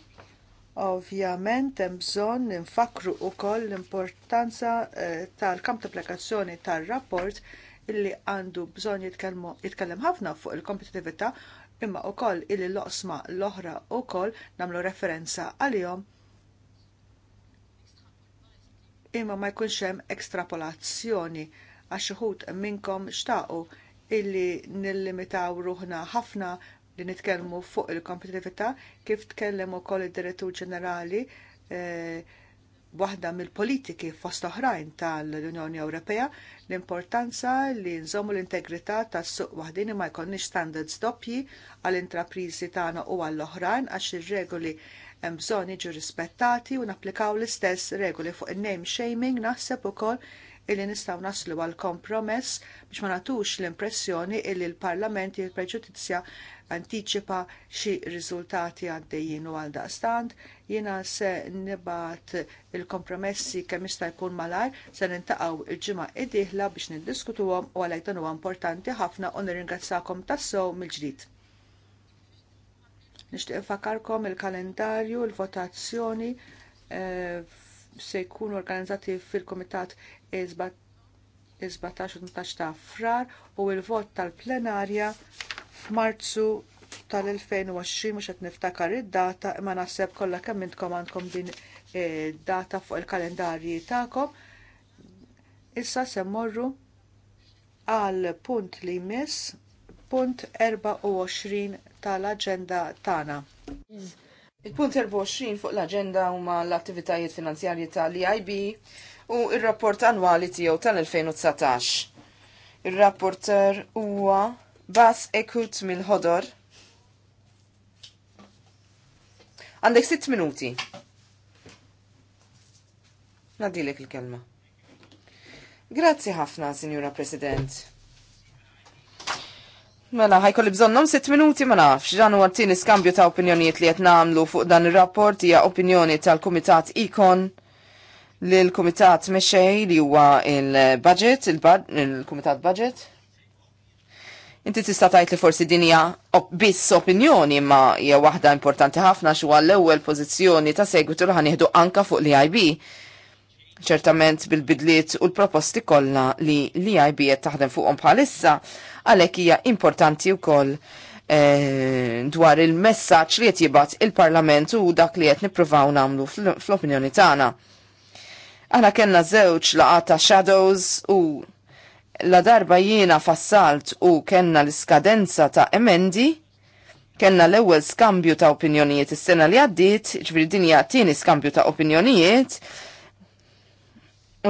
Ovvjament hemm bżonn infakru wkoll l-importanza eh, tal-kamp applikazzjoni tar-rapport illi għandu bżonn jitkellem ħafna fuq il-kompetitività imma wkoll illi loqsma l-oħra wkoll nagħmlu referenza għalihom imma ma jkunx hemm ekstrapolazzjoni għax wħud minnkom xtaqu illi nillimitaw ruħna ħafna li nitkellmu fuq il-kompetitività kif tkellem ukoll id-Direttur Ġenerali eh, waħda mill-politiki fost oħrajn tal-Unjoni Ewropea l-importanza li nżommu l-integrità tas-suq waħdin ma jkollniex standards doppji għall-intrapriżi tagħna u għall-oħrajn għax ir-regoli hemm bżonn jiġu rispettati u napplikaw l-istess regoli fuq in-name shaming naħseb ukoll illi nistgħu naslu għal kompromess biex ma nagħtux l-impressjoni illi l-Parlament jil-preġudizja antiċipa xi riżultati għaddejjin u għal daqstant jiena se nibgħat il-kompromessi kemm jista' jkun malajr se nintaqgħu il-ġimgħa id-dieħla biex niddiskutuhom u għalhekk huwa importanti ħafna u nirringrazzakom tassew mill-ġdid. Nixtieq infakarkom il-kalendarju, il-votazzjoni il eh, kalendarju l votazzjoni se jkunu organizzati fil-Komitat 17-18 ta' frar u il-vot tal-plenarja f'Marzu tal-2020 mhux qed niftakar id-data imma naħseb kollha kemm intkom għandkom din eh, data fuq il-kalendarji tagħkom. Issa se mmorru għal punt li miss punt 24 tal-aġenda tagħna. Il-punt 24 fuq l-agenda huma l-attivitajiet finanzjarji tal-EIB u il-rapport annwali tiegħu tal-2019. Il-rapporter huwa Bas Ekut mill-ħodor. Għandek 6 minuti. Nadilek il-kelma. Grazzi ħafna, Sinjura President. Mela, li bżonnom 6 minuti ma nafx. Dan huwa tieni skambju ta' opinjonijiet li qed nagħmlu fuq dan ir-rapport hija opinjoni tal-Kumitat Ikon l kumitat mexej li huwa il-budget, il-Kumitat Budget. Inti tista' tgħid li forsi din hija biss opinjoni ma hija waħda importanti ħafna xi l-ewwel pożizzjoni ta' segwitu li ħanieħdu anka fuq l-IB ċertament bil-bidliet u l-proposti kollha li li IB taħdem fuqhom bħalissa għalhekk hija importanti wkoll eh, dwar il-messaġġ li qed jibgħat il-Parlament u dak li qed nippruvaw nagħmlu fl-opinjoni tagħna. Aħna kellna żewġ laqgħa ta' shadows u la darba jiena fassalt u kellna l-iskadenza ta' emendi kellna l-ewwel skambju ta' opinjonijiet is-sena li għaddiet, ġifieri din hija tieni skambju ta' opinjonijiet,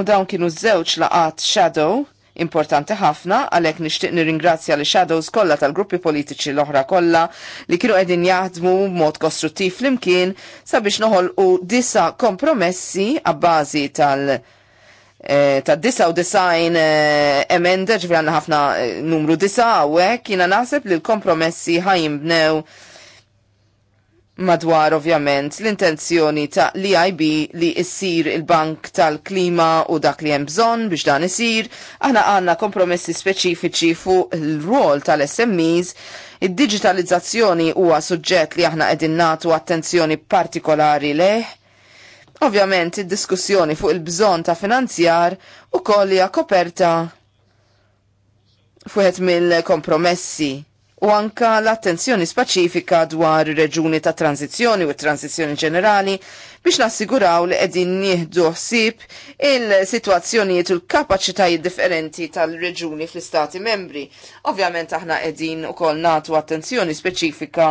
U dawn kienu żewġ laqat shadow importanti ħafna għalhekk nixtieq nirringrazzja li shadows kollha tal-gruppi politiċi l-oħra kollha li kienu qegħdin jaħdmu b'mod kostruttiv flimkien sabiex noħolqu disa kompromessi għabbażi tal- eh, ta' disa u design eh, emenda ġvranna ħafna eh, numru disa għawek, jina naħseb li l-kompromessi ħajim bnew madwar ovvjament l-intenzjoni ta' li e ib li issir il-Bank tal-Klima u dak li hemm bżonn biex dan isir, aħna għandna kompromessi speċifiċi fuq il-rol tal-SMEs, id-digitalizzazzjoni huwa suġġett li aħna qegħdin nagħtu attenzjoni partikolari leh. Ovvjament id-diskussjoni fuq il-bżonn ta' finanzjar ukoll hija koperta fuqet mill-kompromessi u anka l-attenzjoni spaċifika dwar reġuni ta' tranzizjoni u tranzizjoni ġenerali biex nassiguraw li qegħdin nieħdu ħsieb il-sitwazzjonijiet u l-kapaċitajiet differenti tal-reġuni fl-istati membri. Ovvjament aħna qegħdin ukoll nagħtu attenzjoni speċifika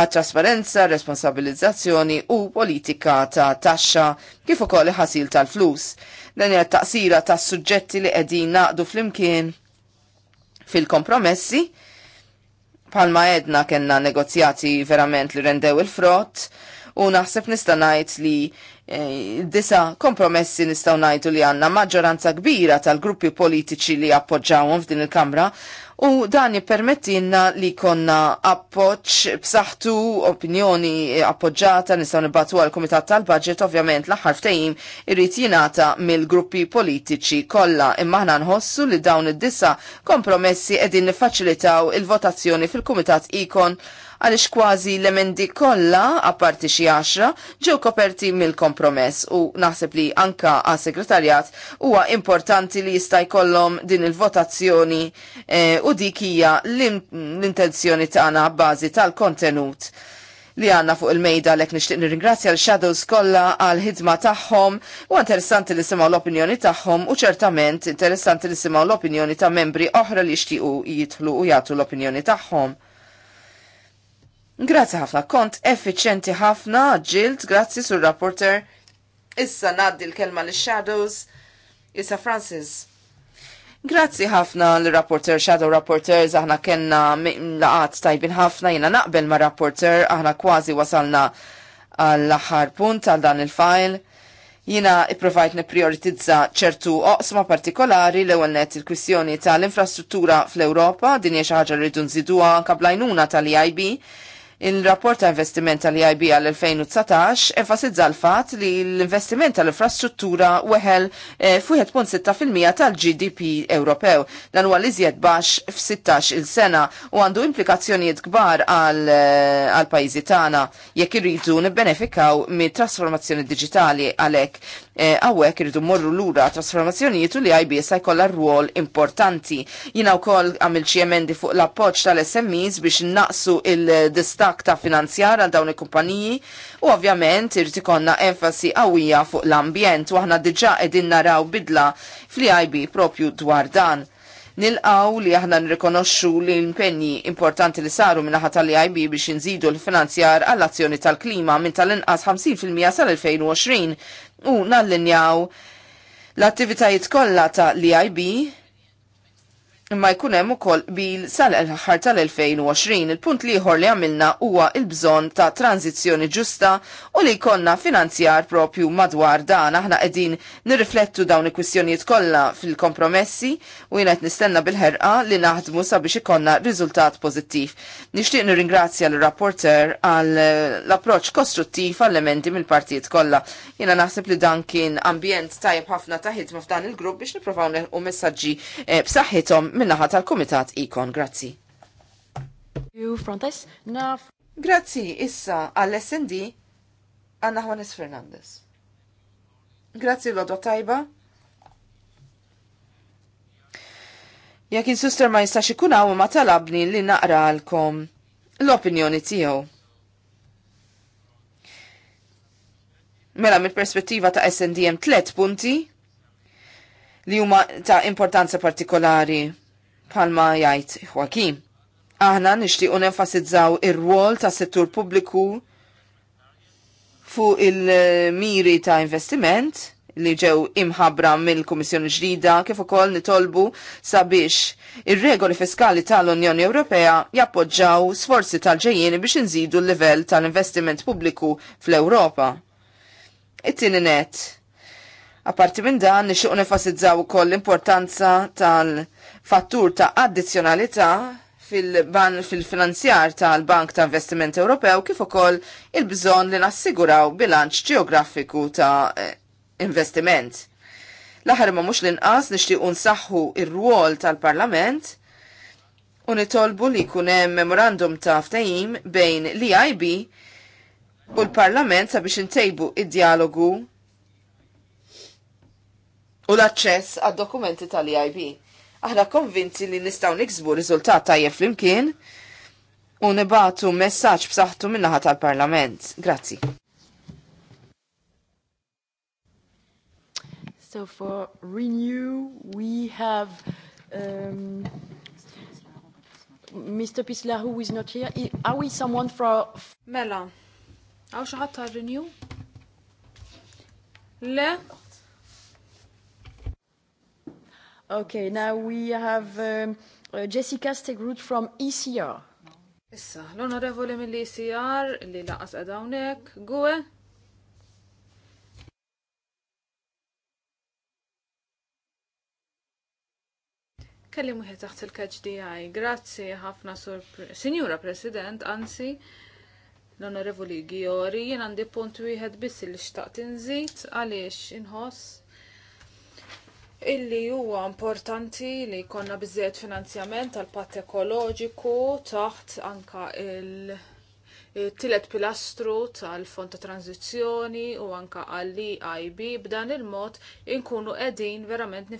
għat trasparenza, responsabilizzazzjoni u politika ta' taxxa kif ukoll ħasil tal-flus. Dan hija taqsira tas suġġetti li qegħdin naqdu flimkien fil-kompromessi Palma edna kena negozjati verament li rendew il-frott u naħseb nista' ngħid li eh, disa kompromessi nistgħu ngħidu li għandna maġġoranza kbira tal-gruppi politiċi li appoġġawhom f'din il-Kamra U dan jippermettilna li konna appoċ b'saħħtu opinjoni appoġġata nistgħu nibatu għal kumitat tal-Budget ovvjament l-aħħar ftehim irrid jingħata mill-gruppi politiċi kollha imma aħna nħossu li dawn id-disa kompromessi qegħdin niffaċilitaw il-votazzjoni fil-Kumitat Ikon għaliex kważi l-emendi kollha apparti xi għaxra, ġew koperti mill-kompromess u naħseb li anka għas segretarjat huwa importanti li jista' jkollhom din il-votazzjoni e, u dik hija l-intenzjoni tagħna bbażi tal-kontenut li għanna fuq il-mejda l-ek nishtiq nirringrazzja l-Shadows kolla għal-ħidma tagħhom u interessanti li simaw l-opinjoni tagħhom u ċertament interessanti li simaw l-opinjoni ta' membri oħra li xtiqu jidħlu u jagħtu l-opinjoni tagħhom. Grazzi ħafna, kont effiċenti ħafna, ġilt, grazzi sur rapporter. Issa naddi l-kelma li shadows Issa Francis. Grazzi ħafna l-rapporter, shadow Rapporters, aħna kenna laqat tajbin ħafna, jina naqbel ma rapporter, aħna kważi wasalna għall-aħħar punt għal dan il-fajl. Jina i-provajt ne-prioritizza ċertu oqsma partikolari l ewwel net il kwissjoni tal-infrastruttura fl-Europa, din hija xi ħaġa rridu nżiduha anke tal-IB Il-rapport ta' investiment tal-IB għal-2019 enfasizza l-fat li l-investiment tal-infrastruttura weħel eh, f'1.6% tal-GDP Ewropew. Dan huwa liżjed baxx f'16 il-sena u għandu implikazzjonijiet kbar għal-pajjiżi eh, tagħna jekk irridu nibbenefikaw mit-trasformazzjoni digitali għalhekk Eh, għawek irridu morru lura trasformazzjonijiet u li IBS sa jkollha rwol importanti. Jina wkoll għamil xi emendi fuq l-appoġġ tal-SMEs biex naqsu il-distak ta' finanzjar għal dawn il-kumpaniji u ovvjament irid ikollna enfasi qawwija fuq l-ambjent u aħna diġà qegħdin naraw bidla fl-IB propju dwar dan Nilqaw li aħna nrikonoxxu li l-impenji importanti li saru min-naħa tal-IB biex nżidu l-finanzjar għall-azzjoni tal-klima minn tal-inqas 50% sal-2020 u nallinjaw l-attivitajiet kollha ta' l-IB e imma jkun hemm ukoll bil sal-aħħar tal-2020. Il-punt liħor li għamilna huwa il-bżonn ta' tranzizzjoni ġusta u li jkollna finanzjar propju madwar dan. Aħna qegħdin nirriflettu dawn il-kwistjonijiet kollha fil-kompromessi u jien qed nistenna bil-ħerqa li naħdmu sabiex ikonna riżultat pożittiv. Nixtieq nirringrazzja l-rapporter għal l-approċċ kostruttiv għall-elementi mill-partijiet kollha. Jiena naħseb li dan kien ambjent tajjeb ħafna ta' ħidma f'dan il-grupp biex nipprovaw u messaġġi eh, b'saħħithom minnaħat tal komitat Ikon. Grazzi. Grazzi, issa għall-SND għanna Juanes Fernandez. Grazzi l tajba. Jekk suster insuster ma jistax ikun hawn ma talabni li naqra għalkom l-opinjoni tiegħu. Mela mill-perspettiva ta' SNDM tlet punti li huma ta' importanza partikolari palma jajt Joaquim. Aħna nixtiequ nenfasizzaw ir-rwol ta' settur pubbliku fuq il-miri ta' investiment li ġew imħabbra mill-Kummissjoni ġdida kif ukoll nitolbu sabiex ir-regoli fiskali tal-Unjoni Ewropea jappoġġaw sforzi tal-ġejjieni biex inżidu l-livell tal-investiment pubbliku fl-Ewropa. It-tieni net. Apparti minn dan nixtieq nefasizzaw ukoll l-importanza tal- fattur ta' addizzjonalità fil-ban fil-finanzjar tal-Bank ta' Investiment Ewropew kif ukoll il-bżonn li nassiguraw bilanċ ġeografiku ta' eh, investiment. L-aħħar ma mhux l-inqas nixtiequ nsaħħu ir-rwol tal-Parlament u nitolbu li jkun hemm memorandum ta' ftehim bejn l-EIB u l-Parlament sabiex intejbu id-dialogu u l-aċċess għad-dokumenti tal-EIB. Aħna konvinti li nistgħu niksbu riżultat tajjeb flimkien u nibatu messaġġ b'saħħtu min-naħa tal-Parlament. Grazzi. So for Renew we have um, Mr. Pisla who is not here. Are we someone from... Mela, għaw xaħat ta' Renew? Le, Okay, now we have um, uh, Jessica Stegroot from ECR. Issa, l-onorevoli mill-ECR li laqas għadawnek, għue? Kellim uħi taħt il-KHDI, grazzi ħafna sur Signora President, anzi, l-onorevoli Giori, jien għandi punt wieħed biss li xtaqt inżid għaliex inħoss illi huwa importanti li jkollna biżżejjed finanzjament tal patt ekoloġiku taħt anka il- tielet pilastru tal-fond ta' tranzizzjoni u anka għall IB b'dan il-mod inkunu qegħdin verament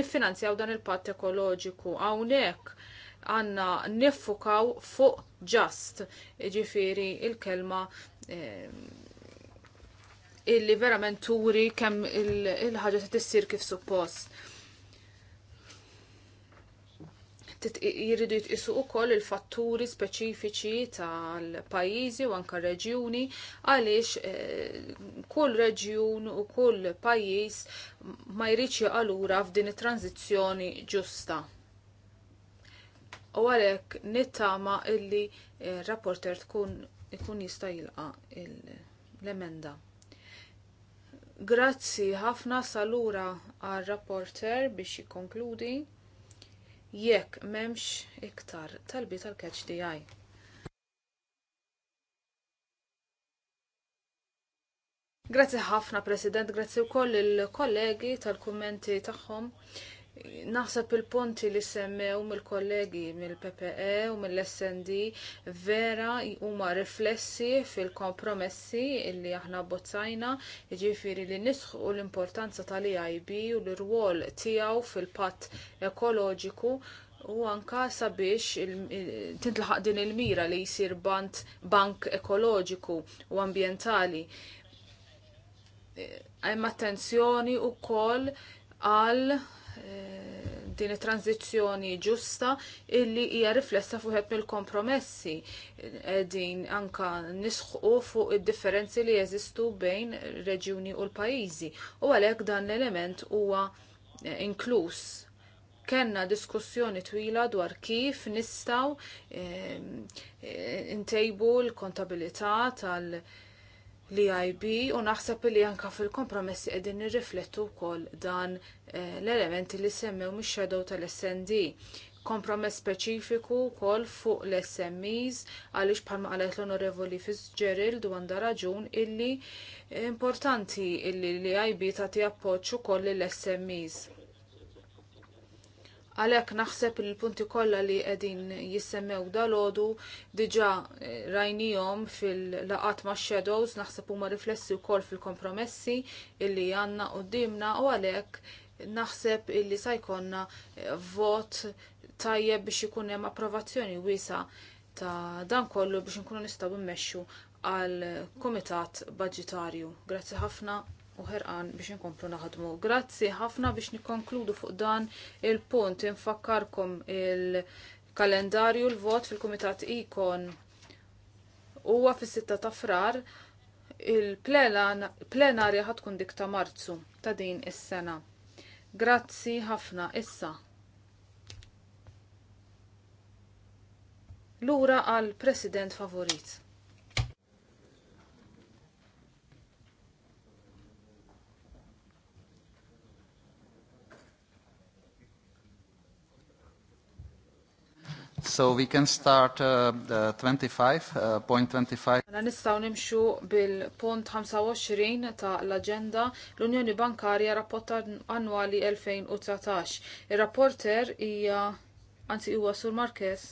niffinanzjaw dan il-patt ekoloġiku hawnhekk għanna niffukaw fuq ġast, ġifiri il-kelma eh, illi verament turi kemm il ħagġa il tissir kif suppost. Jiridu jitqisu koll il-fatturi speċifiċi tal-pajjiżi u anka reġjuni għaliex eh, kull reġjun u kull pajjiż ma jridx għalura f'din it-tranzizzjoni ġusta. U għalhekk nittama illi eh, rapporter tkun ikun jista' jilqa' l-emenda. Grazzi ħafna salura għal rapporter biex jikkonkludi jekk memx iktar talbi tal-catch di għaj. Grazzi ħafna President, grazzi u koll il-kollegi tal-kommenti tagħhom. Naħseb il-punti li semmew mill-kollegi mill-PPE u mill-SND vera huma riflessi fil-kompromessi li aħna bozzajna ġifiri li nisħu l-importanza tal-EIB u l-rwol tijaw fil-pat ekoloġiku u anka sabiex tintlaħaq din il-mira li jisir bank ekoloġiku u ambientali. E, hemm attenzjoni u koll għal din it ġusta illi hija riflessa fuq mill-kompromessi din anka nisħu fuq id-differenzi li jeżistu bejn reġjuni u l-pajjiżi. U għalhekk dan l-element huwa eh, inkluż. Kenna diskussjoni twila dwar kif nistaw eh, eh, ntejbu intejbu l-kontabilità tal- li IB u naħseb li anka fil-kompromessi qegħdin nirriflettu wkoll dan eh, l-elementi li semmew mix-shadow tal-SND. Kompromess speċifiku wkoll fuq l-SMEs għaliex bħalma qalet l-Onorevoli Fitzgerald u għandha raġun illi importanti illi li IB tagħti appoġġ ukoll lill-SMEs Għalek naħseb il-punti kollha li qegħdin jissemmew dalodu diġà eh, rajnijom fil-laqat ma' shadows naħseb huma riflessi wkoll fil-kompromessi illi għandna qudiemna u għalhekk naħseb illi sa jkollna eh, vot tajjeb biex ikun hemm approvazzjoni wiesa ta' dan kollu biex nkunu nistgħu mmexxu għal komitat budġetarju. Grazzi ħafna u ħerqan biex inkomplu naħdmu. Grazzi ħafna biex nikkonkludu fuq dan il-punt infakkarkom il-kalendarju l-vot fil-Kumitat Ikon huwa fis-6 ta' frar il-plenarja ħatkun dik ta' Marzu ta' din is-sena. Grazzi ħafna issa. Lura għal President favorit. So we can start uh, the 25, uh, point 25. Għana mela nistaw nimxu bil-punt 25 ta' l-agenda l-Unjoni Bankarja rapporta annwali l-2013. Il-rapporter hija anzi huwa Sur Marquez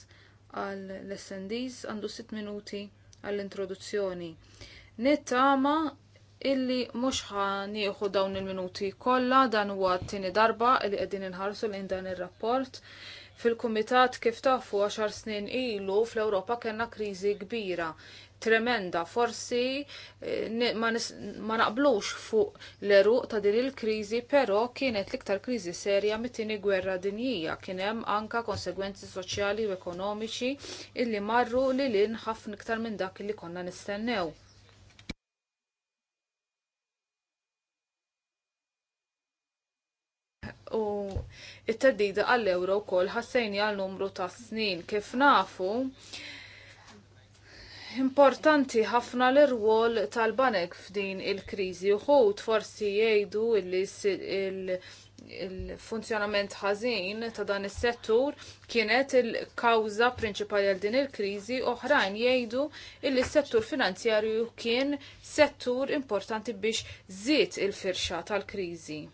għal l-SNDs għandu 6 minuti għall-introduzzjoni. Nittama illi mhux ħanieħu dawn il-minuti kollha dan huwa t-tieni darba li qegħdin inħarsu lejn dan ir-rapport. il rapport Fil-Kumitat kif tafu 10 snin ilu fl-Ewropa kellna kriżi kbira, tremenda, forsi eh, ma naqblux fuq l-eruq ta' din il-kriżi, però kienet l-iktar kriżi serja mit-tieni gwerra dinjija, kien hemm anka konsegwenzi soċjali u ekonomiċi illi marru lil ħafna iktar minn dak li konna nistennew u it-teddida għall-euro kol ħassajni għal numru ta' snin kif nafu importanti ħafna l-irwol tal-banek f'din il-krizi uħut forsi jgħidu illi il-funzjonament ħażin ta' dan is-settur kienet il-kawża prinċipali għal din il-kriżi oħrajn jgħidu illi s-settur finanzjarju kien settur importanti biex żied il-firxa tal-kriżi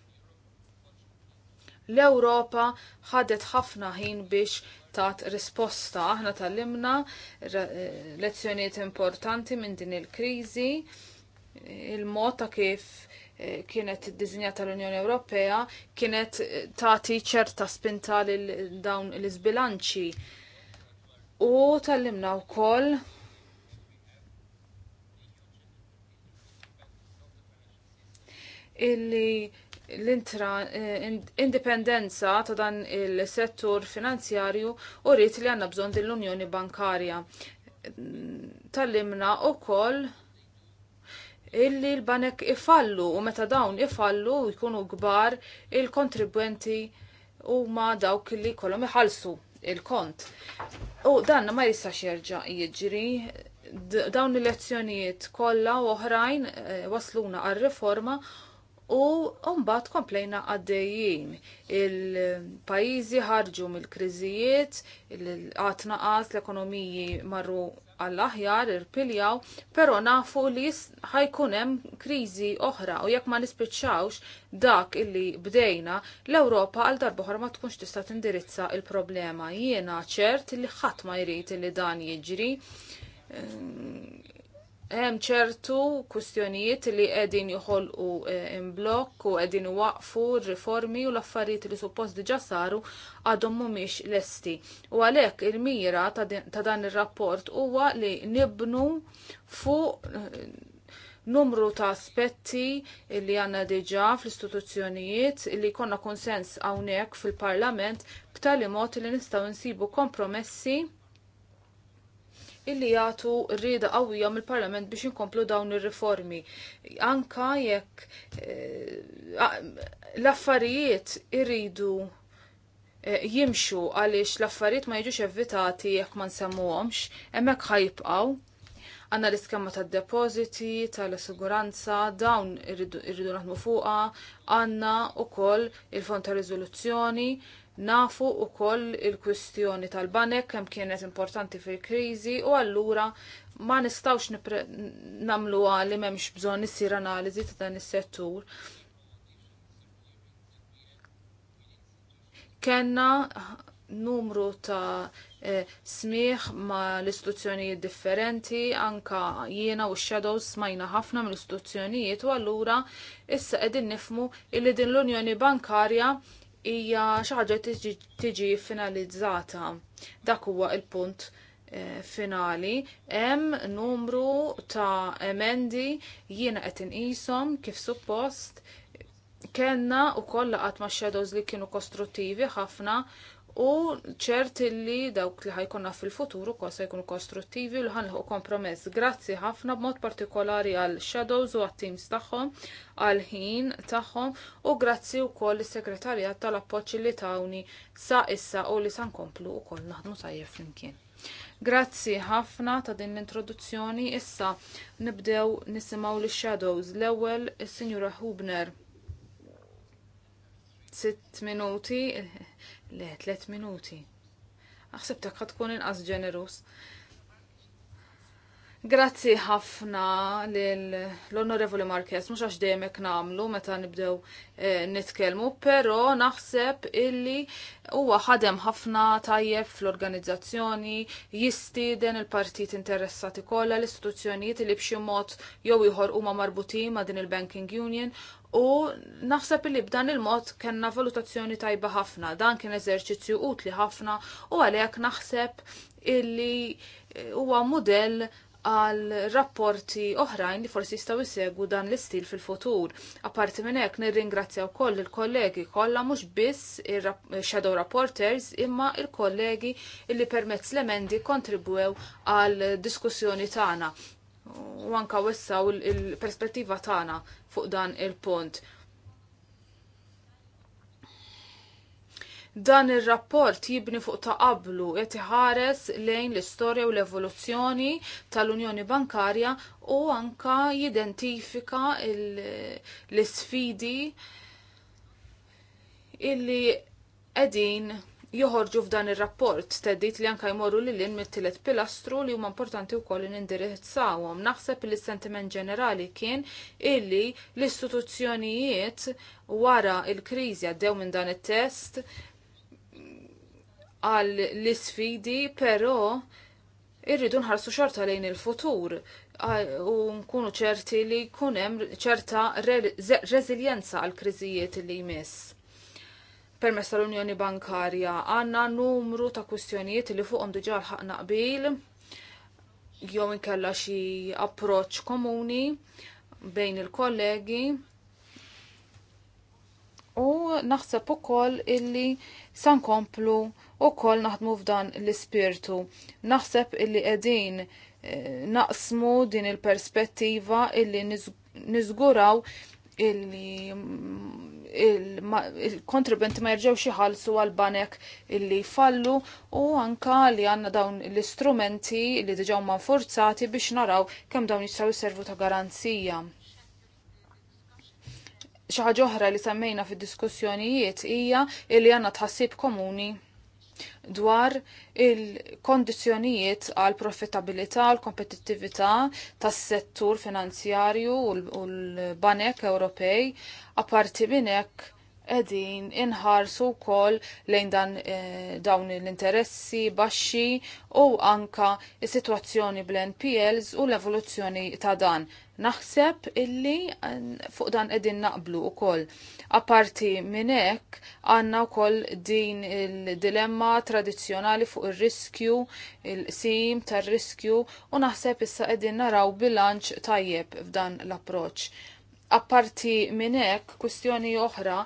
l-Ewropa ħadet ħafna ħin biex tat risposta. Aħna tal-imna lezzjoniet importanti minn din il-krizi, il-mod ta' kif eh, kienet id-dizinjata l-Unjoni Ewropea kienet eh, tagħti ċerta spinta lil dawn l-iżbilanċi. U tallimna wkoll illi l-intra eh, indipendenza ta' dan il-settur finanzjarju u rrit li għanna bżon dell-Unjoni Bankarja. Tallimna u koll illi l-banek ifallu u meta dawn ifallu jkunu gbar il-kontribwenti u ma dawk li kolom iħalsu il-kont. U dan ma jistax jerġa' jiġri dawn il lezzjonijiet kollha u oħrajn eh, wasluna għal-riforma u mbagħad komplejna għaddejjin. Il-pajjiżi ħarġu mill-kriżijiet, għatna għas l-ekonomiji marru għall-aħjar irpiljaw, pero nafu li ħajkun hemm kriżi oħra u jekk ma nispiċċawx dak illi bdejna, l-Ewropa għal darbohar ma tkunx tista' tindirizza il-problema. Jiena ċert li ħadd ma jrid li dan jiġri hemm ċertu kustjonijiet li qegħdin joħolqu eh, imblokk u qegħdin waqfu r-riformi u l-affarijiet li suppost diġà saru għadhom mhumiex lesti. U għalhekk il-mira ta' dan ir-rapport huwa li nibnu fuq eh, numru ta' aspetti li għanna diġa fl-istituzzjonijiet li konna konsens għawnek fil-parlament b'tali mod li nistgħu nsibu kompromessi illi jgħatu rrida qawwija mill-Parlament biex inkomplu dawn ir-riformi. Anka jekk eh, l-affarijiet irridu eh, jimxu għaliex l-affarijiet ma jiġux evitati jekk ma nsemmuhomx, hemmhekk ħajbqgħu għanna l-iskema ta' depoziti, tal-assiguranza, dawn irridu naħdmu fuqa, għanna u koll il-fond ta' rizoluzzjoni Nafu u koll il-kwistjoni tal-banek kem kienet importanti fil-krizi u allura ma nistawx namlu għali memx bżon nissir analizi ta' dan is-settur. Kenna numru ta' eh, smieħ ma l-istituzzjonijiet differenti, anka jiena u shadows smajna ħafna mill-istituzzjonijiet u allura issa qegħdin nifmu illi din l-Unjoni Bankarja hija xi ħaġa tiġi finalizzata. Dak huwa il-punt eh, finali. Hemm numru ta' emendi jiena qed inqishom kif suppost kellna u kollha qatt ma' shadows li kienu kostruttivi ħafna u ċert li dawk li ħajkonna fil-futur ukoll se jkunu kostruttivi u li ħanħu kompromess. Grazzi ħafna b'mod partikolari għal Shadows u għat-teams tagħhom, għal ħin tagħhom u grazzi wkoll is-segretarjat tal-appoġġ li tawni sa issa u li sa nkomplu wkoll naħdmu tajjeb flimkien. Grazzi ħafna ta' din l-introduzzjoni. Issa nibdew nisimaw li shadows L-ewwel is-Sinjura Hubner. Sitt minuti Le, tlet minuti. Aħseb ta' tkun inqas ġenerus. Grazzi ħafna l-Onorevoli Marquez, mux għax demek namlu meta nibdew eh, nitkellmu, nitkelmu, pero naħseb illi huwa ħadem ħafna tajjeb fl-organizzazzjoni, jistiden il-partit interessati kollha l-istituzzjonijiet li b'xi mod jew ieħor huma marbutin ma' din il-Banking Union u naħseb li b'dan il-mod kellna valutazzjoni tajba ħafna, dan kien eżerċizzju utli ħafna u għalhekk naħseb illi eh, huwa mudell għal rapporti oħrajn li forsi jistgħu jsegwu dan l-istil fil-futur. Apparti minn hekk nirringrazzjaw koll il-kollegi kollha mhux biss il-shadow rapporters imma il-kollegi illi permezz l-emendi kontribwew għal diskussjoni tagħna u anka wessaw il-perspettiva tagħna fuq dan il-punt. Dan ir-rapport jibni fuq ta' qablu qed iħares lejn l-istorja u l-evoluzzjoni tal-Unjoni Bankarja u anka jidentifika l-isfidi illi qegħdin joħorġu f'dan ir-rapport teddit li anka jmorru li lin mit-tielet pilastru li huma importanti wkoll li nindirizzawhom. Naħseb li s-sentiment ġenerali kien illi l-istituzzjonijiet wara il-kriżi għaddew minn dan it-test għal l-isfidi, pero irridu nħarsu xorta lejn il-futur u nkunu ċerti li kunem ċerta rezilienza għal kriżijiet li jmiss. Permess tal-Unjoni Bankarja għanna numru ta' kwistjonijiet li fuqhom diġà ħak qbil jew inkella xi approċċ komuni bejn il-kollegi u naħseb ukoll illi san komplu u kol naħdmu f'dan l-ispirtu. Naħseb illi edin eh, naqsmu din il-perspettiva illi nizguraw illi il-kontribenti ma jirġew xieħalsu għal banek illi fallu u anka li għanna dawn l-istrumenti li diġaw manforzati biex naraw kemm dawn jistgħu jservu ta' garanzija. Xi ħaġa oħra li semmejna fid-diskussjonijiet hija illi għandna tħassib komuni dwar il-kondizjonijiet għal profitabilità u l-kompetittività tas-settur finanzjarju u l-banek Ewropej apparti minn hekk qegħdin inħarsu wkoll lejn dan eh, dawn l-interessi baxxi u anka is-sitwazzjoni bl-NPLs u l-evoluzzjoni ta' dan. Naħseb illi fuq dan edin naqblu u koll. Aparti minnek għanna u koll din il-dilemma tradizjonali fuq il-riskju, il-sim tar riskju u naħseb issa edin naraw bilanċ tajjeb f'dan l-approċ apparti minn hekk kwistjoni oħra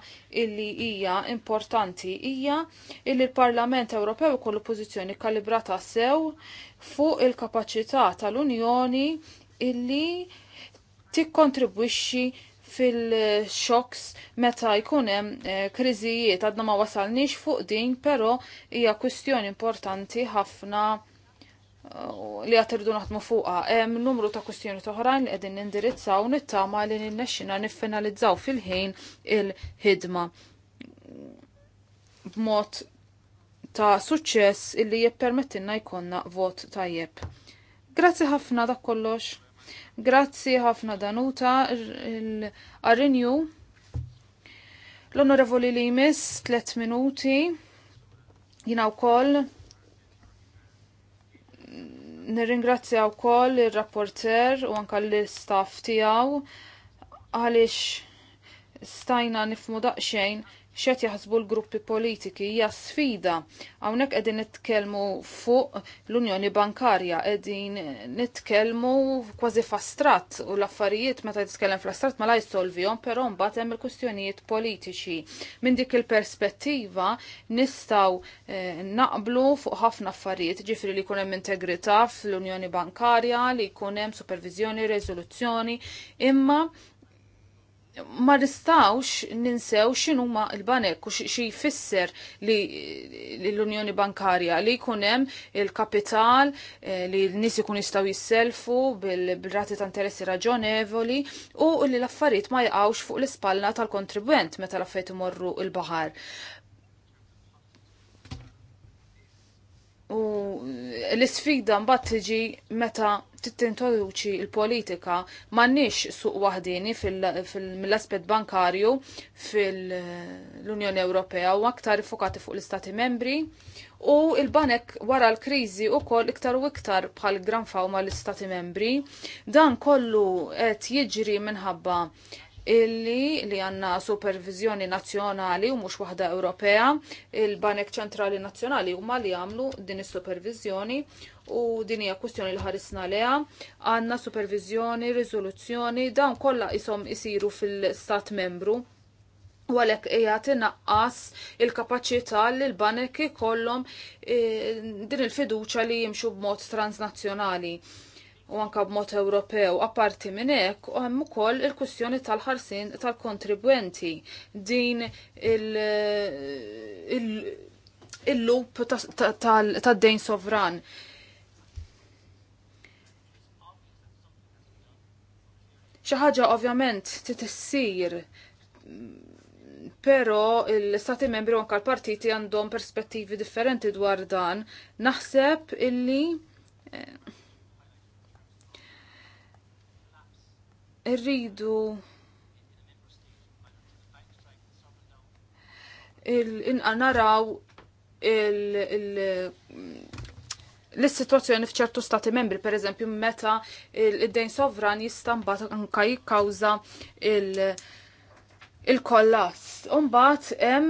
illi hija importanti hija illi l-Parlament Ewropew kollu pożizzjoni kalibrata sew fuq il-kapaċità tal-Unjoni illi tikkontribwixxi fil-xoks meta jkun hemm eh, kriżijiet għadna ma wasalniex fuq din, però hija kwistjoni importanti ħafna eh, li għatirdu naħdmu fuqha. Hemm numru ta' kwistjoni oħrajn li qegħdin nindirizzaw nittama li nnexxina niffinalizzaw fil-ħin il-ħidma b'mod ta' suċċess illi jippermettilna jkollna vot tajjeb. Grazzi ħafna dak kollox. Grazzi ħafna Danuta, il-Arinju. L-Onorevoli li jmiss, minuti, jina u koll, nirringrazzja u koll il-rapporter u anka l-staff tijaw għalix stajna nifmu daqxejn xet jaħsbu l-gruppi politiki hija sfida. Hawnhekk qegħdin nitkellmu fuq l-Unjoni Bankarja, qegħdin nitkellmu kważi fastrat u l-affarijiet meta titkellem fl-astrat ma la jsolvihom, però mbagħad hemm il-kwistjonijiet politiċi. Minn dik il-perspettiva nistgħu eh, naqblu fuq ħafna affarijiet, ġifri li jkun hemm integrità fl-Unjoni Bankarja, li jkun hemm supervizjoni, riżoluzzjoni, imma ma ristawx ninsew x'inhuma l-banek u xi jfisser li l-Unjoni Bankarja li jkun hemm il-kapital eh, li l nies ikun jistgħu jisselfu bil-rati ta' interessi raġonevoli u li l-affarijiet ma jqgħux fuq l-ispalla tal-kontribwent meta l-affarijiet imorru l-baħar. U l-isfida mbagħad tiġi meta titintroduċi il-politika m'għandniex suq waħdini mill-aspett bankarju fil-Unjoni Ewropea u aktar fokati fuq l-Istati membri u il-banek wara l-kriżi wkoll iktar u iktar bħal gran fawma l-Istati membri dan kollu qed jiġri minħabba illi li għanna supervizjoni nazjonali u mux wahda Ewropea, il-Banek Ċentrali Nazjonali huma li għamlu din is-supervizjoni u din hija kustjoni li ħarisna leha, għandna supervizjoni, riżoluzzjoni, dawn kollha isom isiru fil-Stat membru. U għalhekk hija tinaqqas il-kapaċità li l-banek kollom eh, din il-fiduċa li jimxu b'mod transnazzjonali u anka b'mod Ewropew. Apparti minn hekk hemm ukoll il-kwistjoni tal-ħarsin tal-kontribwenti. Din il-lup tad-dejn sovran. Xi ħaġa ovvjament titissir pero l-istati membri u anka l-partiti għandhom perspettivi differenti dwar dan. Naħseb illi eh, Irridu il-inqanaraw l-situazzjoni fċertu stati membri, per eżempju, meta id-dejn sovran jistambat anka jikkawza il-kollass. Umbat hemm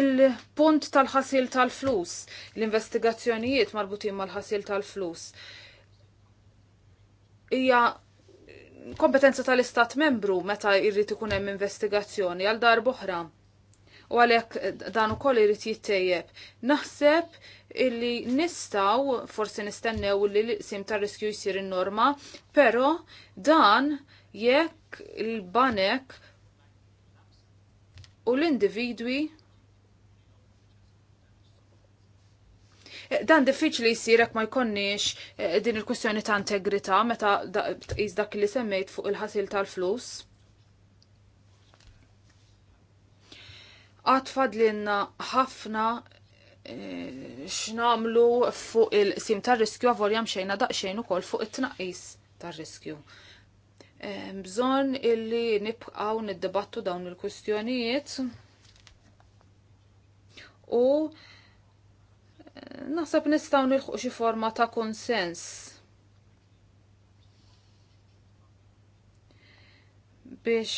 il-punt tal-ħasil tal-flus, l-investigazzjonijiet marbutin mal-ħasil tal-flus hija kompetenza tal-istat membru meta jrid ikun hemm investigazzjoni għal dar boħra. U għalhekk eh, dan ukoll irid jittejjeb. Naħseb illi nistaw forsi nistennew li l tar-riskju jsir in-norma, però dan jekk il-banek u l-individwi Dan diffiċli jsir jekk ma jkonniex eh, din il-kwistjoni ta' integrità meta tqis dak li semmejt fuq il-ħasil tal-flus. Għad fadlinna ħafna eh, x'namlu fuq il-sim tar-riskju avolja xejna daqsxejn ukoll fuq it-tnaqqis tar-riskju bżon illi nibqaw niddibattu dawn il kwistjonijiet u naħseb nistgħu nilħuq xi forma ta' konsens. Biex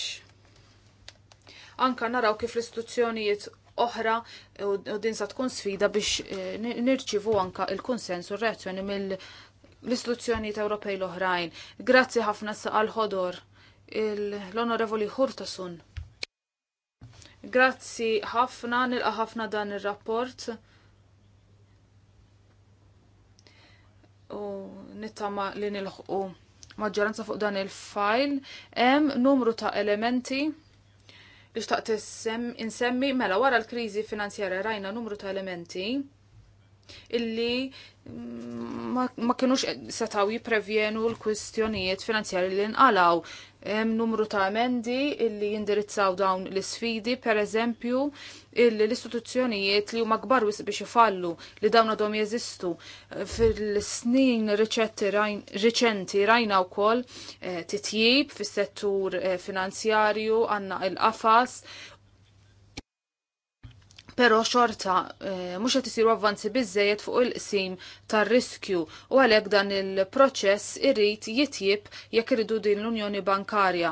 anka naraw kif l-istituzzjonijiet oħra u din sa tkun sfida biex eh, nirċivu anka il-konsens u r-reazzjoni mill l-istituzzjonijiet Ewropej l-oħrajn. Grazzi ħafna għal ħodor l-Onorevoli Hurtasun. Grazzi ħafna, nilqa ħafna dan ir rapport u nittama li nilħqu maġġoranza fuq dan il-fajl. Hemm numru ta' elementi li xtaqt insemmi mela wara l-kriżi finanzjarja rajna numru ta' elementi illi mm, ma, ma kienux setaw jiprevjenu l-kwistjonijiet finanzjari li nqalaw Hemm numru ta' emendi illi jindirizzaw dawn l-isfidi, per eżempju, l-istituzzjonijiet li huma kbar wisq biex ifallu li dawn għadhom jeżistu. Fil-snin riċenti rajna wkoll eh, titjib fis-settur eh, finanzjarju għandna il-qafas Pero xorta, eh, mux għet isiru avvanzi bizzejet fuq il-qsim tar riskju u għalek dan il-proċess irrit jitjib jekk irridu din l-Unjoni Bankarja.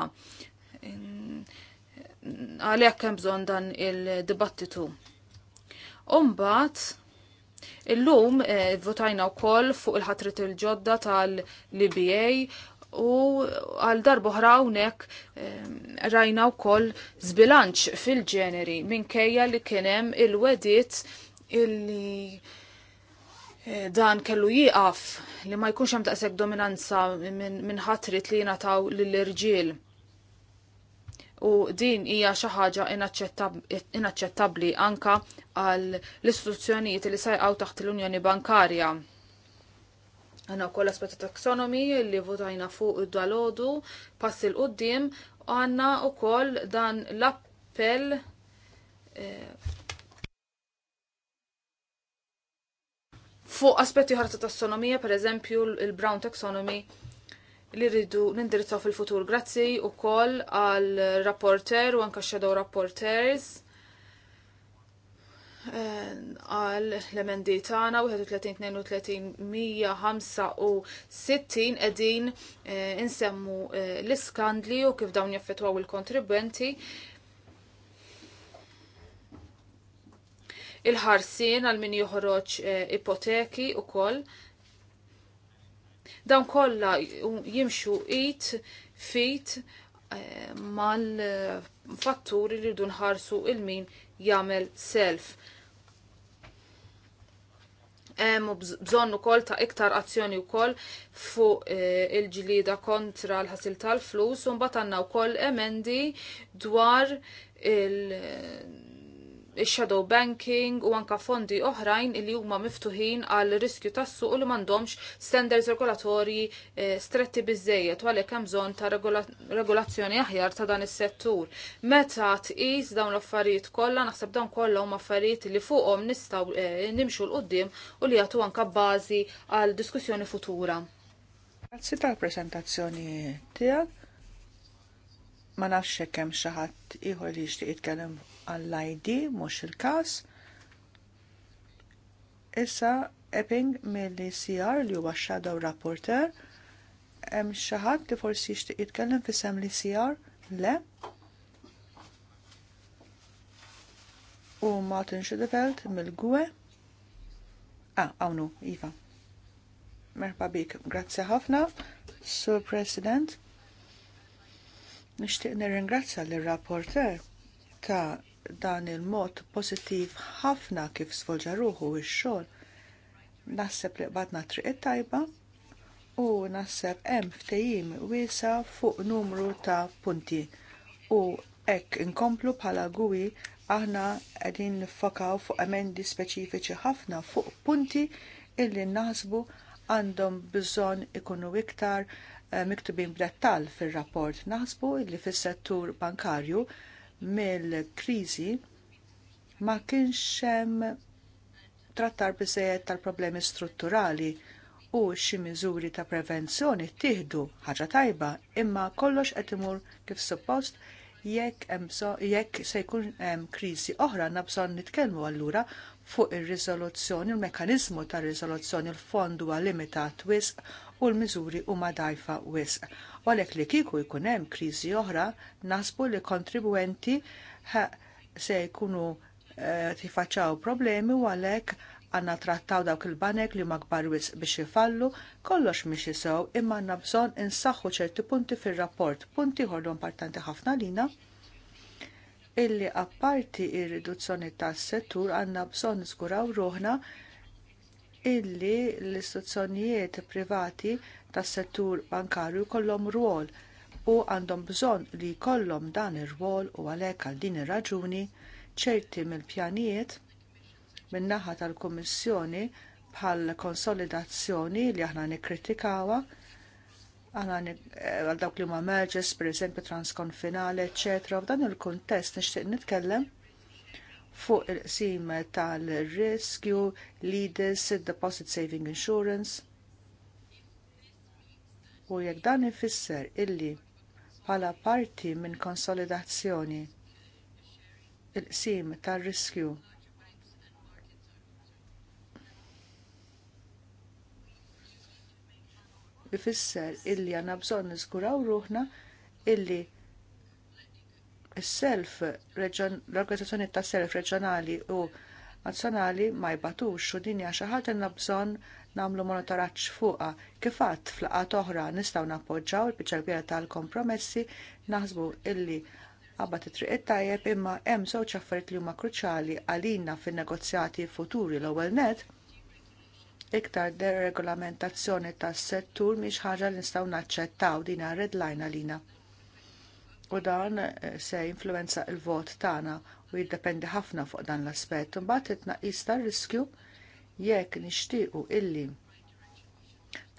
Għalek hemm bżon dan il-dibattitu. Umbat, Illum eh, votajna wkoll fuq il-ħatrit il-ġodda tal-LBA u għal oħra hawnhekk eh, rajna wkoll zbilanċ fil-ġeneri minkejja li kien hemm il-wedit illi eh, dan kellu jieqaf li ma jkunx hemm daqshekk dominanza minn ħatrit li jingħataw lill-irġiel. U din hija xi ħaġa inaċċettabbli anka għall istituzzjonijiet li sajqgħu taħt l-Unjoni Bankarja Għanna kol aspetta taxonomy li votajna fuq id-dalodu pass il qoddim għanna u kol dan l-appell eh, fuq aspetti ħarta tassonomija, per eżempju il-Brown Taxonomy, li rridu nindirizzaw fil-futur. Grazzi u kol għal rapporter u anka shadow rapporters għal l-emendi tagħna 31, 32, 165 qegħdin eh, insemmu eh, l-iskandli u kif dawn jaffetwaw il-kontribwenti. Il-ħarsien għal min joħroġ eh, ipoteki u koll. Dawn kollha jimxu it fit mal-fatturi li rridu nħarsu il-min jagħmel self hemm bżonn ukoll ta' iktar azzjoni wkoll fuq eh, il-ġlida kontra l-ħasil tal-flus u mbagħad għandna wkoll emendi dwar il- shadow banking u anka fondi oħrajn li huma miftuħin għal riskju tassu u li m'għandhomx standards regolatorji eh, stretti biżejjed u għalhekk hemm bżonn ta' regolazzjoni aħjar ta' dan is-settur. Meta tqis dawn l-affarijiet kollha naħseb dawn kollha huma affarijiet li fuqhom nistgħu eh, nimxu l-qudiem u li jagħtu anka bażi għal diskussjoni futura. Grazzi tal-presentazzjoni tiegħek ma nafx hekk hemm xi ħadd ieħor li jixtieq jitkellem għall-ID, mhux il każ Issa Epping mill-CR li huwa Shadow Rapporter, hemm xi ħadd li forsi jixtieq jitkellem fis-sem li CR? Le? U Martin Schudefeld mill-Gwe? Ah, għawnu, Iva. Merħba bik, grazzi ħafna, Sur President. Nixtieq nirringrazzja l-rapporter ta' dan il-mod pozittiv ħafna kif svolġa ruħu x-xogħol. Naħseb li qbadna triq tajba u naħseb hemm ftehim wiesa fuq numru ta' punti u Ek, inkomplu bħala gwi, aħna għedin nifokaw fuq emendi speċifiċi ħafna fuq punti illi naħsbu għandhom bżon ikunu iktar eh, miktubin b'dettal fil-rapport. Naħsbu illi fis-settur bankarju mill-kriżi ma kienx hemm trattar biżejjed tal-problemi strutturali u xi miżuri ta' prevenzjoni ttieħdu ħaġa tajba imma kollox qed imur kif suppost jekk jekk se jkun hemm kriżi oħra għandna bżonn nitkellmu allura fuq ir-riżoluzzjoni, il-mekkaniżmu tar-riżoluzzjoni l-fond huwa limitat wisq u l-miżuri huma dajfa wisq. U għalhekk li kieku jkun hemm kriżi oħra, nasbu li kontribwenti se jkunu eh, tifaċċaw problemi u għalhekk għanna trattaw dawk il-banek li ma wisq biex jifallu, kollox miex jisew imma għanna bżon insaxħu ċerti punti fil-rapport, punti ħordu importanti ħafna lina, illi apparti ir-riduzzjoni tas settur għanna bżon nżguraw ruħna illi l-istituzzjonijiet privati tas-settur bankarju jkollhom rwol u għandhom bżonn li jkollhom dan ir-rwol u għalhekk għal din ir-raġuni ċerti mill-pjanijiet min-naħa tal-Kummissjoni bħal konsolidazzjoni li aħna nikkritikawha eh, għal dawk li huma mergers, pereżempju transkonfinali, eċetera. F'dan il-kuntest nixtieq nitkellem fuq il-qsim tal-riskju, leaders, deposit saving insurance. U jekk dan ifisser illi bħala parti minn konsolidazzjoni il-qsim tal-riskju ifisser illi għandna bżonn niżguraw ruħna illi self l-organizzazzjoni ta' self reġjonali u nazzjonali ma jbatux u dinja xi inna bżonn nagħmlu monitoraġġ fuqha kif għadd flaqat oħra nistgħu nappoġġaw il-biċċerbija tal-kompromessi naħsbu illi għabba titriq it-tajjeb imma hemm żewġ affarijiet li huma kruċjali għalina fin-negozjati futuri l-ewwel net iktar deregolamentazzjoni tas-settur mhix ħaġa li nistgħu naċċettaw din red line għalina u dan eh, se influenza il-vot tagħna u jiddependi ħafna fuq dan l-aspett. Imbagħad it-tnaqqis tar-riskju jekk nixtiequ illi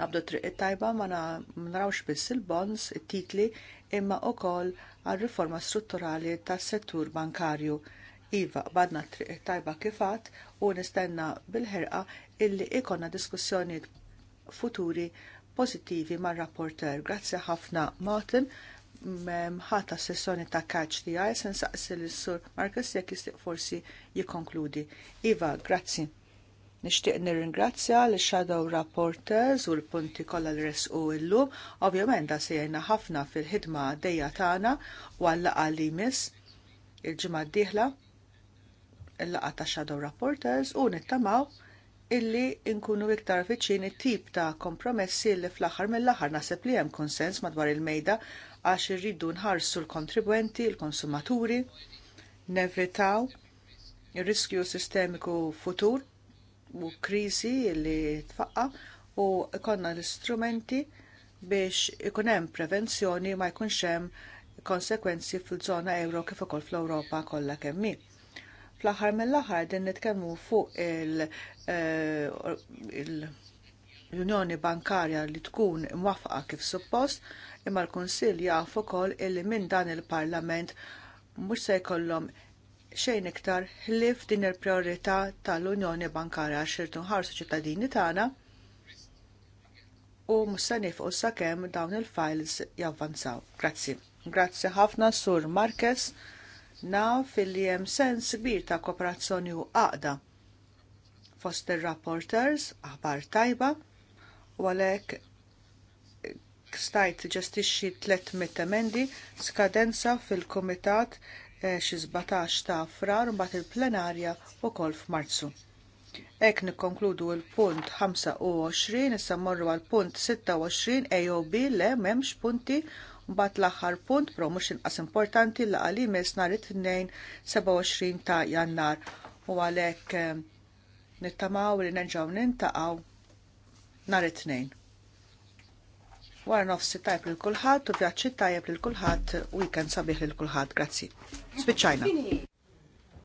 nabdu triq it-tajba ma narawx biss il-bonds, it-titli, imma wkoll għal riforma strutturali tas-settur bankarju. Iva, badna triq it-tajba kifat u nistenna bil-ħerqa illi ikonna diskussjonijiet futuri pożittivi mar rapporter. Grazzi ħafna, Martin ħata sessjoni ta' kaċ li għaj, sen saqsi l-sur Marcus jek jistiq forsi jikonkludi. Iva, grazzi. Nishtiq nirringrazzja l shadow Rapporters u l-punti kollha l resqu illum, ovvjament da sejna ħafna fil-ħidma dejja tagħna u għallaqa li miss il-ġimgħa d-dieħla il-laqa ta' Shadow Rapporters u nittamaw illi nkunu iktar viċin it-tip ta' kompromessi li fl-aħħar mill-aħħar naħseb li hemm konsens madwar il-mejda għax irridu nħarsu l-kontribwenti, l-konsumaturi, nevitaw ir-riskju sistemiku futur u kriżi li tfaqqa u ikonna l-istrumenti biex ikun hemm prevenzjoni ma jkunx hemm konsegwenzi fil-żona euro kif ukoll fl-Ewropa kollha kemm Fl-aħħar mill-aħħar din nitkellmu fuq il-, eh, il l-Unjoni Bankarja li tkun mwafqa kif suppost, imma l-Kunsill jafu wkoll illi minn dan il-Parlament mhux se jkollhom xejn iktar ħlief din il-priorità tal-Unjoni Bankarja xirtu nħarsu ċittadini tagħna u se u sakemm dawn il-files javvanzaw. Grazzi. Grazzi ħafna sur Marquez naf li hemm sens kbir ta' kooperazzjoni u għaqda fost ir rapporters aħbar tajba u għalhekk stajt ġestixxi 300 emendi skadenza fil-Kumitat eh, xi 17 ta' frar mbagħad il-plenarja wkoll f'Marzu. Ek nikkonkludu il-punt 25, issa morru għal punt 26, AOB le memx punti, mbagħad l-aħħar punt pro mhux inqas importanti li għalimes nhar it-tnejn 27 ta' Jannar u għalhekk eh, nittamaw li nerġgħu nintaqgħu nar it-tnejn. Wara nofsi tajb lil kulħadd u vjaġġi tajjeb lil kulħadd, weekend sabiħ lil kulħadd. Grazzi. Spiċċajna.